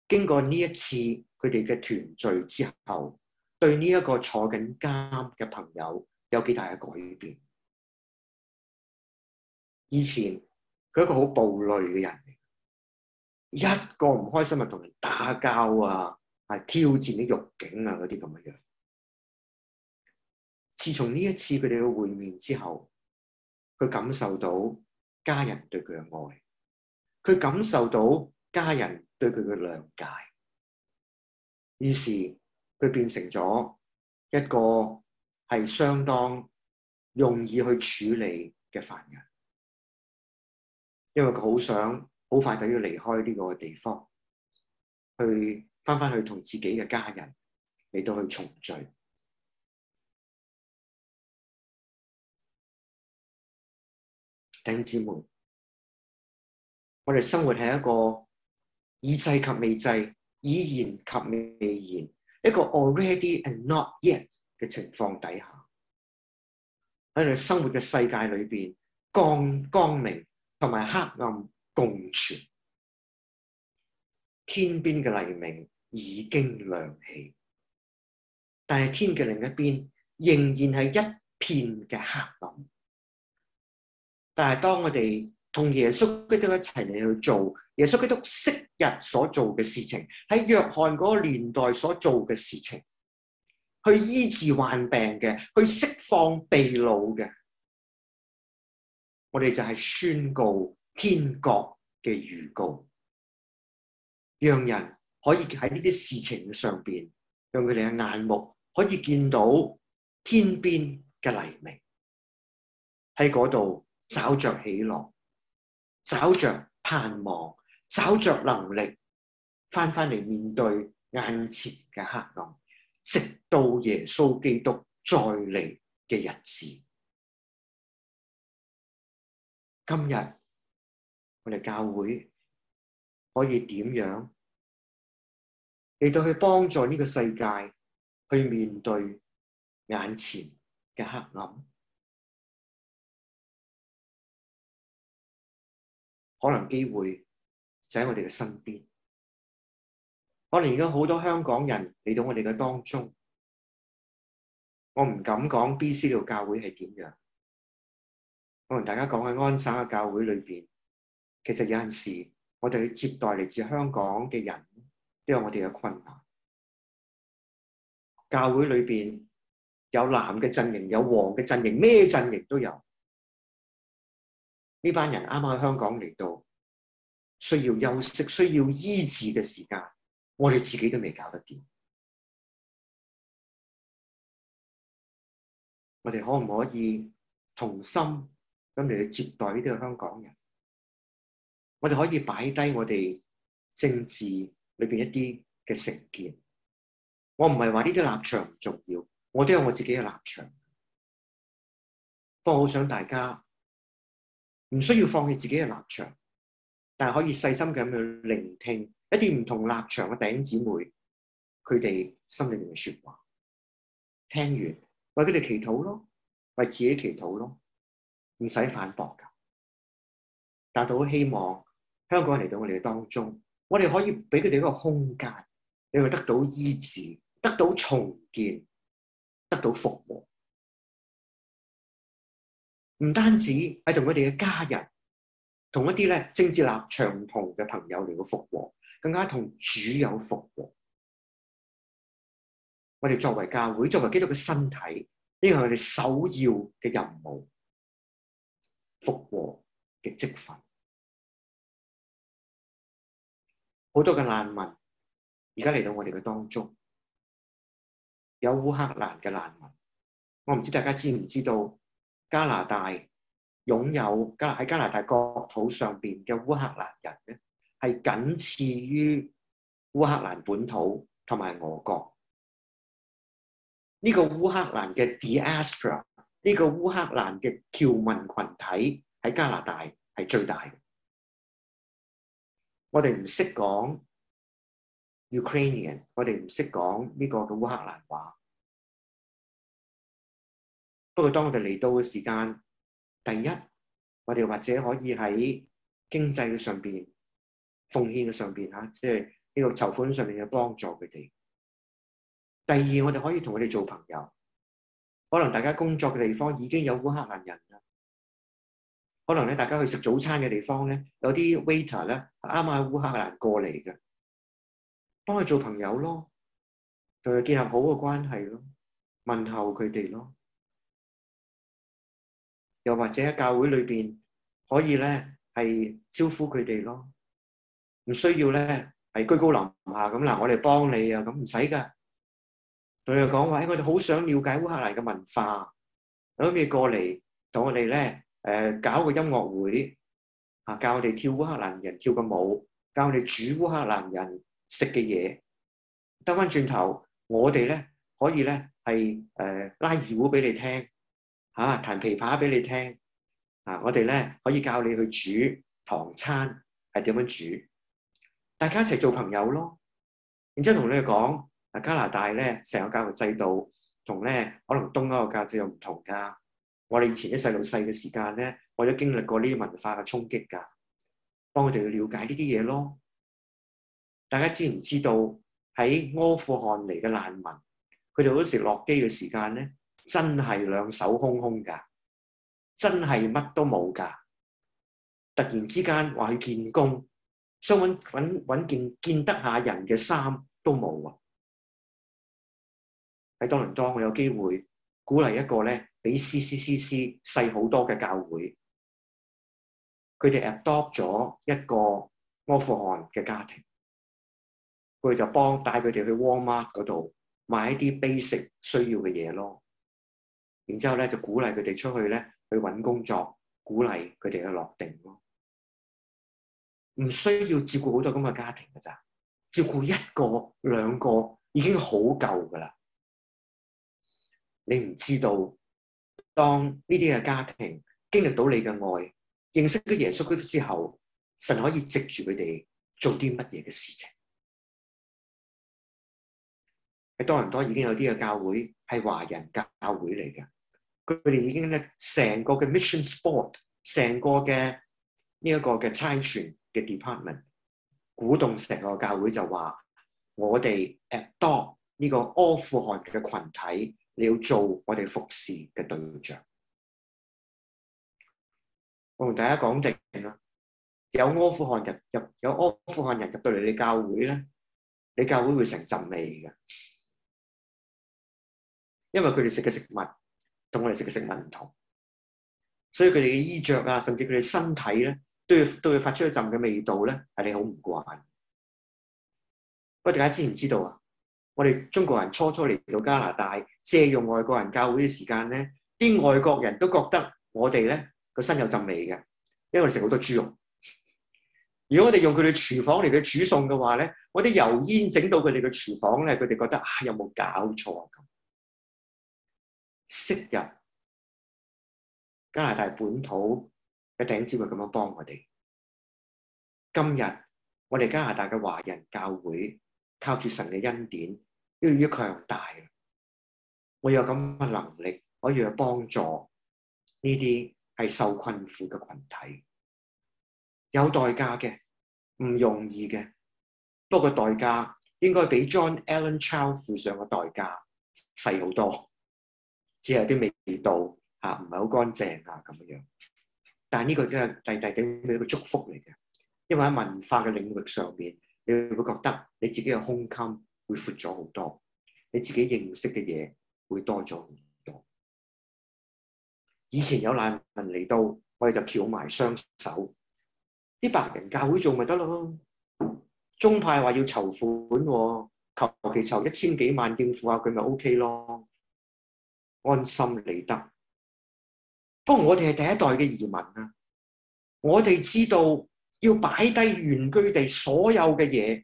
經過呢一次佢哋嘅團聚之後，對呢一個坐緊監嘅朋友有幾大嘅改變。以前佢係一個好暴戾嘅人嚟，一個唔開心就同人打交啊，係挑戰啲獄警啊嗰啲咁嘅樣。自從呢一次佢哋嘅會面之後，佢感受到家人對佢嘅愛，佢感受到家人對佢嘅諒解，於是佢變成咗一個係相當容易去處理嘅犯人，因為佢好想好快就要離開呢個地方，去返返去同自己嘅家人嚟到去重聚。弟兄姊妹，我哋生活喺一個已制及未制、已言及未言，一個 already and not yet 嘅情況底下，喺我哋生活嘅世界裏邊，光光明同埋黑暗共存。天邊嘅黎明已經亮起，但係天嘅另一邊仍然係一片嘅黑暗。但係當我哋同耶穌基督一齊嚟去做耶穌基督昔日所做嘅事情，喺約翰嗰個年代所做嘅事情，去醫治患病嘅，去釋放被擄嘅，我哋就係宣告天國嘅預告，讓人可以喺呢啲事情上邊，讓佢哋嘅眼目可以見到天邊嘅黎明喺嗰度。找着喜樂，找着盼望，找着能力，翻返嚟面對眼前嘅黑暗，直到耶穌基督再嚟嘅日子。今日我哋教會可以點樣嚟到去幫助呢個世界去面對眼前嘅黑暗？可能機會就喺我哋嘅身邊，可能而家好多香港人嚟到我哋嘅當中，我唔敢講 B C 呢道教會係點樣。我同大家講喺安省嘅教會裏邊，其實有陣時我哋去接待嚟自香港嘅人，都有我哋嘅困難。教會裏邊有藍嘅陣營，有黃嘅陣營，咩陣營都有。呢班人啱啱去香港嚟到，需要休息、需要醫治嘅時間，我哋自己都未搞得掂。我哋可唔可以同心咁嚟去接待呢啲香港人？我哋可以擺低我哋政治裏邊一啲嘅成見。我唔係話呢啲立場唔重要，我都有我自己嘅立場。不過好想大家。唔需要放棄自己嘅立場，但係可以細心咁樣聆聽一啲唔同立場嘅弟兄姊妹，佢哋心裏面嘅説話。聽完為佢哋祈禱咯，為自己祈禱咯，唔使反駁噶。但係好希望香港人嚟到我哋當中，我哋可以俾佢哋一個空間，令佢得到醫治、得到重建、得到復和。唔單止係同佢哋嘅家人，同一啲咧政治立場唔同嘅朋友嚟到復和，更加同主有復和。我哋作為教會，作為基督嘅身體，呢係我哋首要嘅任務：復和嘅積分。好多嘅難民而家嚟到我哋嘅當中，有烏克蘭嘅難民。我唔知大家知唔知道？加拿大擁有加喺加拿大國土上邊嘅烏克蘭人咧，係僅次於烏克蘭本土同埋俄國。呢個烏克蘭嘅 diaspora，呢個烏克蘭嘅僑民群體喺加拿大係最大嘅。我哋唔識講 Ukrainian，我哋唔識講呢個嘅烏克蘭話。不過，當我哋嚟到嘅時間，第一，我哋或者可以喺經濟嘅上邊、奉獻嘅上邊吓，即係呢個籌款上面嘅幫助佢哋。第二，我哋可以同佢哋做朋友。可能大家工作嘅地方已經有烏克蘭人喇，可能咧大家去食早餐嘅地方咧，有啲 waiter 咧啱啱喺烏克蘭過嚟嘅，幫佢做朋友咯，同佢建立好嘅關係咯，問候佢哋咯。又或者喺教會裏邊可以咧係招呼佢哋咯，唔需要咧係居高臨下咁嗱，我哋幫你啊，咁唔使噶，同你講話，我哋好想了解烏克蘭嘅文化，咁你過嚟同我哋咧誒搞個音樂會啊，教我哋跳烏克蘭人跳嘅舞，教我哋煮烏克蘭人食嘅嘢。得返轉頭，我哋咧可以咧係誒拉二胡俾你聽。啊，彈琵琶俾你聽。啊，我哋咧可以教你去煮唐餐，係點樣煮？大家一齊做朋友咯。然之後同你哋講，啊加拿大咧成個教育制度同咧可能東歐嘅價值又唔同㗎。我哋以前啲細路細嘅時間咧，我都經歷過呢啲文化嘅衝擊㗎。幫佢哋去了解呢啲嘢咯。大家知唔知道喺阿富汗嚟嘅難民，佢哋好多時落機嘅時間咧？真係兩手空空噶，真係乜都冇噶。突然之間話去見工，想搵件見得下人嘅衫都冇啊！喺多倫多，我有機會鼓勵一個咧，比 C C C C 細好多嘅教會，佢哋 adopt 咗一個阿富汗嘅家庭，佢哋就幫帶佢哋去 Walmart 嗰度買一啲 basic 需要嘅嘢咯。然之後咧，就鼓勵佢哋出去咧，去揾工作，鼓勵佢哋去落定咯。唔需要照顧好多咁嘅家庭噶咋，照顧一個兩個已經好夠噶啦。你唔知道，當呢啲嘅家庭經歷到你嘅愛，認識咗耶穌之後，神可以藉住佢哋做啲乜嘢嘅事情。喺多倫多已經有啲嘅教會，係華人教會嚟嘅。佢哋已經咧成個嘅 mission sport，成個嘅呢一個嘅差傳嘅 department 鼓動成個教會就話：我哋 at 當呢個阿富汗嘅群體，你要做我哋服侍嘅對象。我同大家講定啦，有阿富汗人入有阿富汗人入到嚟你教會咧，你教會會成浸味嘅，因為佢哋食嘅食物。同我哋食嘅食物唔同，所以佢哋嘅衣着啊，甚至佢哋身體咧，都要都要發出一陣嘅味道咧，係你好唔慣的。不過大家知唔知道啊？我哋中國人初初嚟到加拿大，借用外國人教會啲時間咧，啲外國人都覺得我哋咧個身有陣味嘅，因為我哋食好多豬肉。如果我哋用佢哋廚房嚟到煮餸嘅話咧，我啲油煙整到佢哋嘅廚房咧，佢哋覺得啊、哎，有冇搞錯？昔日加拿大本土嘅頂尖會咁樣幫我哋，今日我哋加拿大嘅華人教會靠住神嘅恩典，越嚟越強大。我有咁嘅能力，可以去幫助呢啲係受困苦嘅群體，有代價嘅，唔容易嘅。不過代價應該比 John Allen Chow 付上嘅代價細好多。只有啲味道嚇，唔係好乾淨啊，咁樣。但係，這，呢個都係細細哋一個祝福嚟嘅，因為喺文化嘅領域上邊，你會覺得你自己嘅胸襟會闊咗好多，你自己認識嘅嘢會多咗好多。以前有難民嚟到，我哋就翹埋雙手，啲白人教會做咪得咯。宗派話要籌款喎，求其籌一千幾萬應付下佢咪 OK 咯。安心理得，不過我哋係第一代嘅移民啦，啊，我哋知道要擺低原居地所有嘅嘢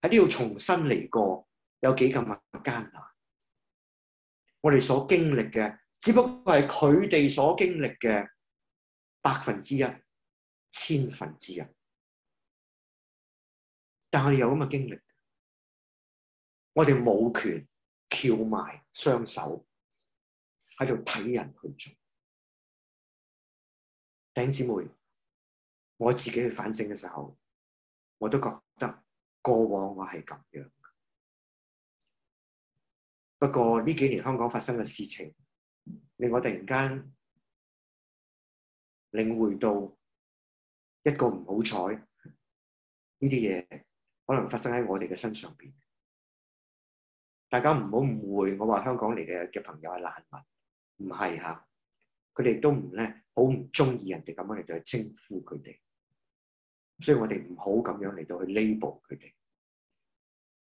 喺呢度重新嚟過，有幾咁艱難。我哋所經歷嘅只不過係佢哋所經歷嘅百分之一、千分之一，但係有咁嘅經歷，我哋冇權翹埋雙手。喺度睇人去做，丁姊妹，我自己去反省嘅時候，我都覺得過往我係咁樣的。不過呢幾年香港發生嘅事情，令我突然間領會到一個唔好彩，呢啲嘢可能發生喺我哋嘅身上邊。大家唔好誤會，我話香港嚟嘅嘅朋友係難民。唔係嚇，佢哋都唔咧，好唔中意人哋咁樣嚟到去稱呼佢哋，所以我哋唔好咁樣嚟到去 label 佢哋。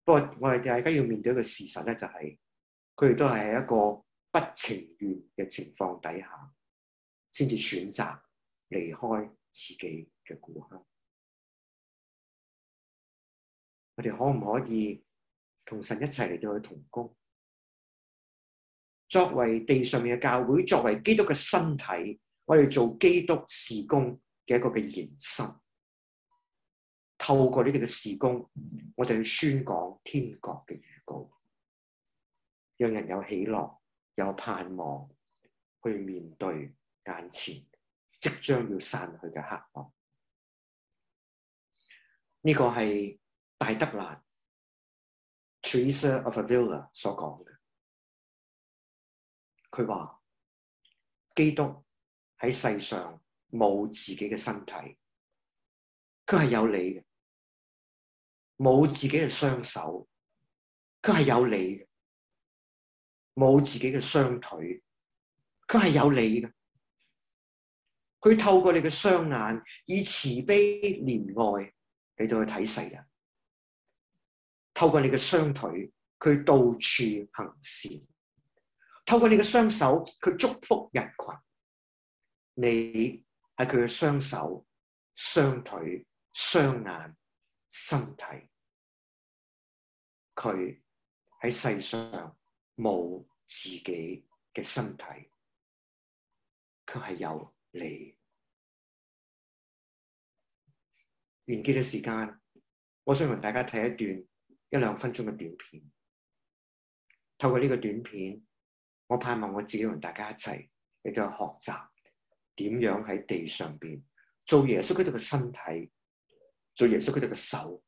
不過我哋大家要面對一個事實咧，就係，就係佢哋都係喺一個不情願嘅情況底下，先至選擇離開自己嘅故鄉。我哋可唔可以同神一齊嚟到去同工？作為地上面嘅教會，作為基督嘅身體，我哋做基督事工嘅一個嘅延伸，透過呢啲嘅事工，我哋去宣講天國嘅預告，讓人有喜樂，有盼望，去面對眼前即將要散去嘅黑暗。呢、這個係大德蘭 t r a s h e r of Avila） 所講嘅。佢話基督喺世上冇自己嘅身體，佢係有你嘅；冇自己嘅雙手，佢係有你嘅；冇自己嘅雙腿，佢係有你嘅。佢透過你嘅雙眼，以慈悲憐愛嚟到去睇世人；透過你嘅雙腿，佢到處行善。透過你嘅雙手，佢祝福人群。你係佢嘅雙手、雙腿、雙眼、身體，佢喺世上冇自己嘅身體，佢係有你。完結嘅時間，我想同大家睇一段一兩分鐘嘅短片。透過呢個短片。我盼望我自己同大家一齊，你都有學習點樣喺地上邊做耶穌佢哋嘅身體，做耶穌佢哋嘅手，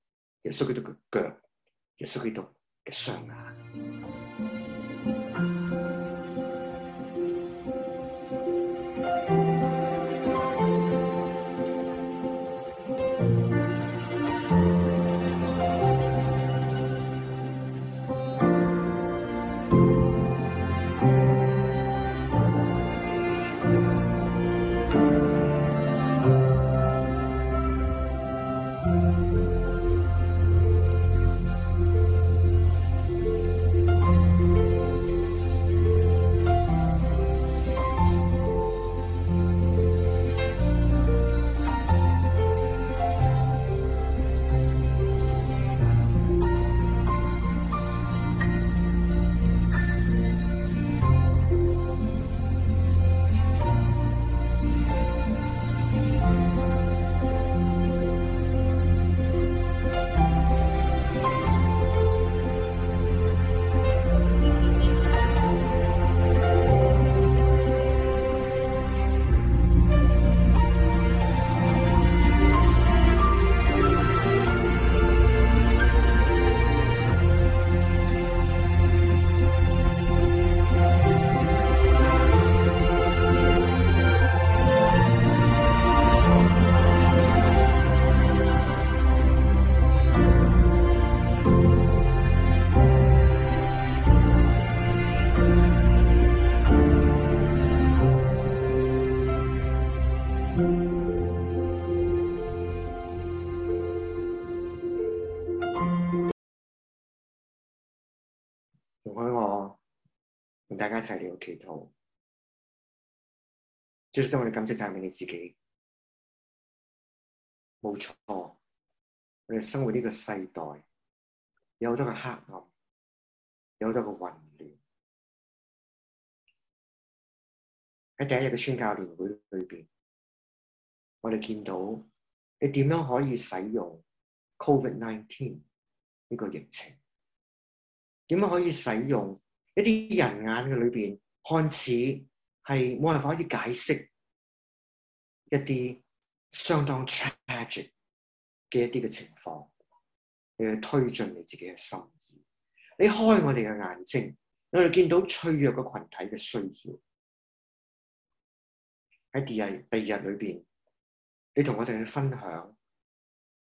耶穌佢哋嘅腳，耶穌佢哋嘅雙眼。大家一齊嚟個祈禱，主耶穌，我哋感謝讚美你自己，冇錯。我哋生活呢個世代有好多嘅黑暗，有好多嘅混亂。喺第一日嘅宣教年會裏邊，我哋見到你點樣可以使用 Covid Nineteen 呢個疫情，點樣可以使用？一啲人眼嘅裏邊，看似係冇辦法可以解釋一啲相當 tragic 嘅一啲嘅情況，你去推進你自己嘅心意。你開我哋嘅眼睛，我哋見到脆弱嘅群體嘅需要。喺第二第二日裏邊，你同我哋去分享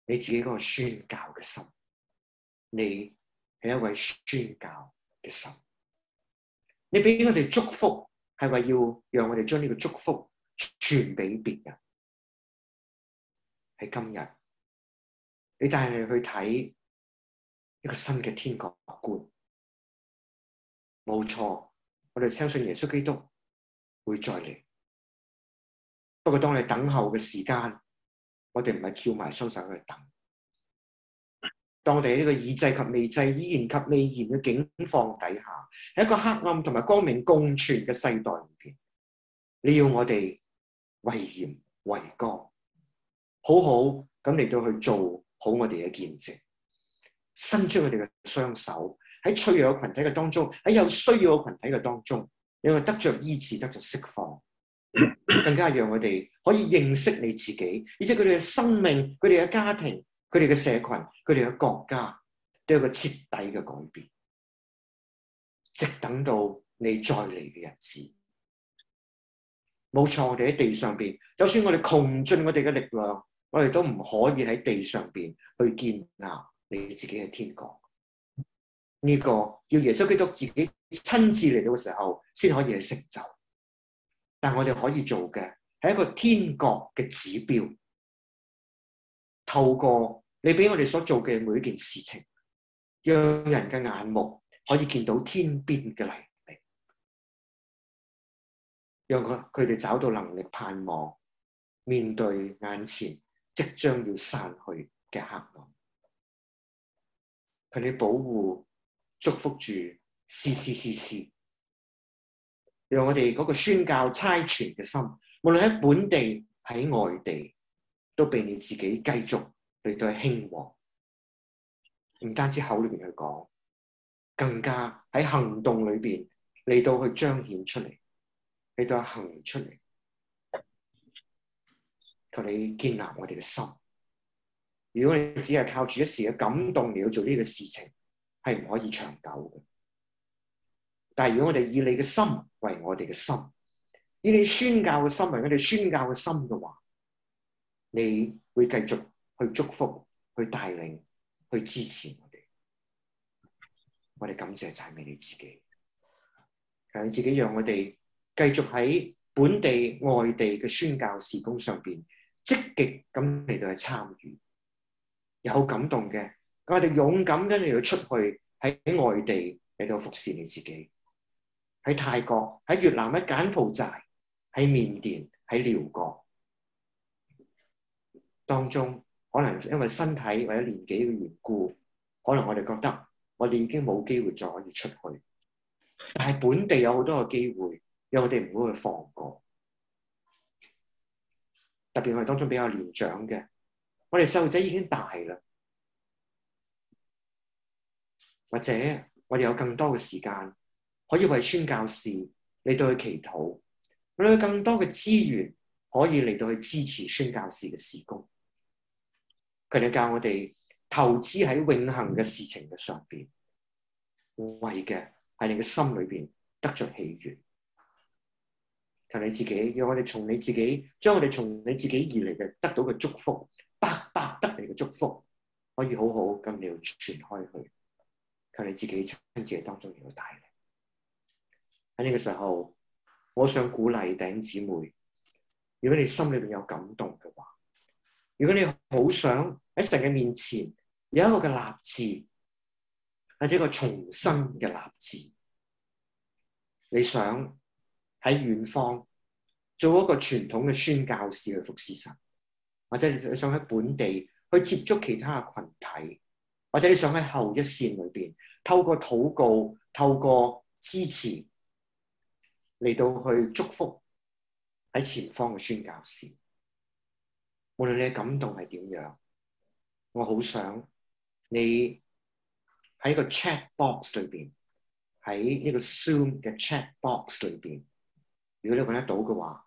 你自己嗰個宣教嘅心，你係一位宣教嘅神。你俾我哋祝福，係為要讓我哋將呢個祝福傳俾別人。喺今日，你帶我哋去睇一個新嘅天國觀。冇錯，我哋相信耶穌基督會再嚟。不過當你等候嘅時間，我哋唔係翹埋雙手去等。在我哋呢個已濟及未濟、依然及未然嘅境況底下，喺一個黑暗同埋光明共存嘅世代裏邊，你要我哋為鹽為光，好好咁嚟到去做好我哋嘅見證，伸出佢哋嘅雙手喺脆弱嘅群體嘅當中，喺有需要嘅群體嘅當中，你佢得着醫治，得着釋放，更加係讓我哋可以認識你自己，以及佢哋嘅生命、佢哋嘅家庭。佢哋嘅社群，佢哋嘅國家都有一個徹底嘅改變，直等到你再嚟嘅日子。冇錯，我哋喺地上邊，就算我哋窮盡我哋嘅力量，我哋都唔可以喺地上邊去建立你自己嘅天國。呢個要耶穌基督自己親自嚟到嘅時候，先可以去成就。但我哋可以做嘅係一個天國嘅指標。透過你俾我哋所做嘅每一件事情，讓人嘅眼目可以見到天邊嘅黎明，讓佢佢哋找到能力盼望，面對眼前即將要散去嘅黑暗。佢哋保護、祝福住，CCCC，讓我哋嗰個宣教差傳嘅心，無論喺本地喺外地。都被你自己繼續嚟到興旺，唔單止口裏邊去講，更加喺行動裏邊嚟到去彰顯出嚟，嚟到行出嚟，求你建立我哋嘅心。如果你只係靠住一時嘅感動嚟去做呢個事情，係唔可以長久嘅。但係如果我哋以你嘅心為我哋嘅心，以你宣教嘅心為我哋宣教嘅心嘅話，你會繼續去祝福、去帶領、去支持我哋，我哋感謝讚美你自己，係你自己讓我哋繼續喺本地、外地嘅宣教事工上邊積極咁嚟到去參與，有好感動嘅，我哋勇敢跟住去出去喺喺外地嚟到服侍你自己，喺泰國、喺越南、喺柬埔寨、喺緬甸、喺寮國。當中可能因為身體或者年紀嘅緣故，可能我哋覺得我哋已經冇機會再可以出去，但係本地有好多嘅機會，讓我哋唔好去放過。特別我哋當中比較年長嘅，我哋細路仔已經大啦，或者我哋有更多嘅時間可以為宣教士嚟到去祈禱，我哋有更多嘅資源可以嚟到去支持宣教士嘅事工。佢哋教我哋投資喺永恆嘅事情嘅上邊，為嘅係你嘅心裏邊得着喜悅。求你自己，讓我哋從你自己，將我哋從你自己而嚟嘅得到嘅祝福，白白得嚟嘅祝福，可以好好咁要傳開去。求你自己親自當中要帶領。喺呢個時候，我想鼓勵弟兄姊妹，如果你心裏邊有感動嘅話。如果你好想喺神嘅面前有一個嘅立志，或者一個重生嘅立志，你想喺遠方做一個傳統嘅宣教士去服侍神，或者你想喺本地去接觸其他嘅群體，或者你想喺後一線裏邊透過禱告、透過支持嚟到去祝福喺前方嘅宣教士。無論你嘅感動係點樣，我好想你喺個 chat box 裏邊，喺呢個 Zoom 嘅 chat box 裏邊，如果你揾得到嘅話，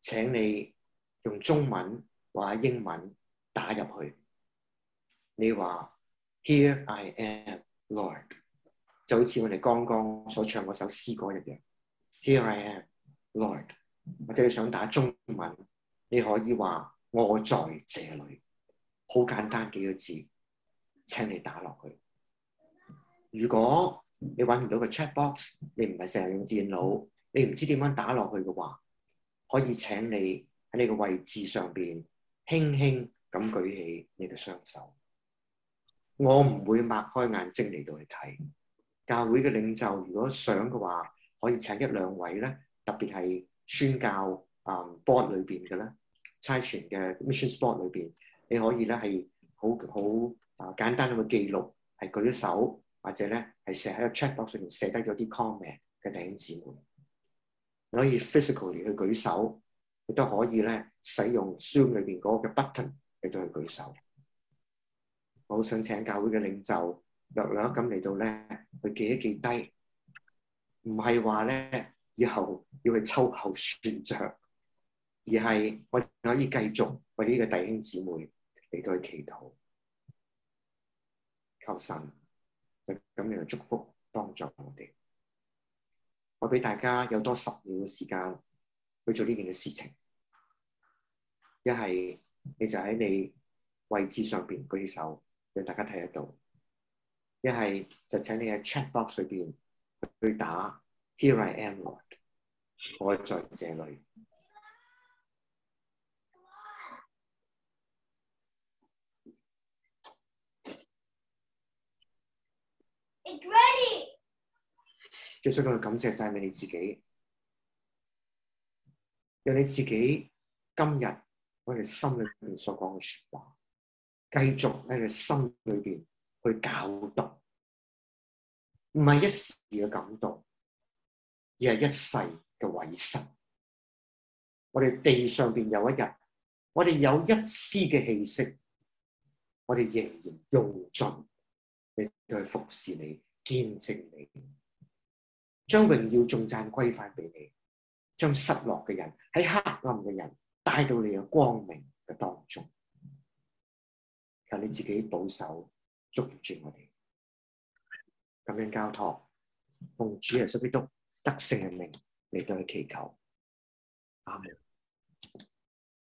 請你用中文或者英文打入去。你話 Here I am，Lord，就好似我哋剛剛所唱嗰首詩歌一樣。Here I am，Lord，am, 或者你想打中文，你可以話。我在這裏，好簡單幾個字，請你打落去。如果你搵唔到個 check box，你唔係成日用電腦，你唔知點樣打落去嘅話，可以請你喺你個位置上邊輕輕咁舉起你嘅雙手。我唔會擘開眼睛嚟到去睇。教會嘅領袖如果想嘅話，可以請一兩位咧，特別係宣教啊 board 裏邊嘅咧。猜傳嘅 mission sport 裏邊，你可以咧係好好啊簡單咁嘅記錄，係舉咗手，或者咧係寫喺個 check box 上面寫低咗啲 comment 嘅弟兄姊妹，可以 physically 去舉手，亦都可以咧使用 Zoom 裏邊嗰個嘅 button 嚟到去舉手。我好想請教會嘅領袖，略略咁嚟到咧去記一記低，唔係話咧以後要去秋後算賬。而係我可以繼續為呢個弟兄姊妹嚟到去祈禱，求神咁樣嚟祝福幫助我哋。我俾大家有多十秒嘅時間去做呢件嘅事情。一係你就喺你位置上邊舉手，讓大家睇得到；一係就請你喺 chat box 裏面去打 Here I am, Lord，我在，在這裡。S 最想講嘅感謝就係你，你自己，讓你自己今日我哋心裏邊所講嘅說話，繼續喺你心裏邊去教導，唔係一時嘅感動，而係一世嘅委身。我哋地上邊有一日，我哋有一絲嘅氣息，我哋仍然用盡。佢去服侍你，見證你，將榮耀、頌讚歸翻俾你，將失落嘅人喺黑暗嘅人帶到你嘅光明嘅當中。求你自己保守，祝福住我哋。咁樣交託，奉主耶穌基督得勝嘅名嚟對佢祈求。阿們。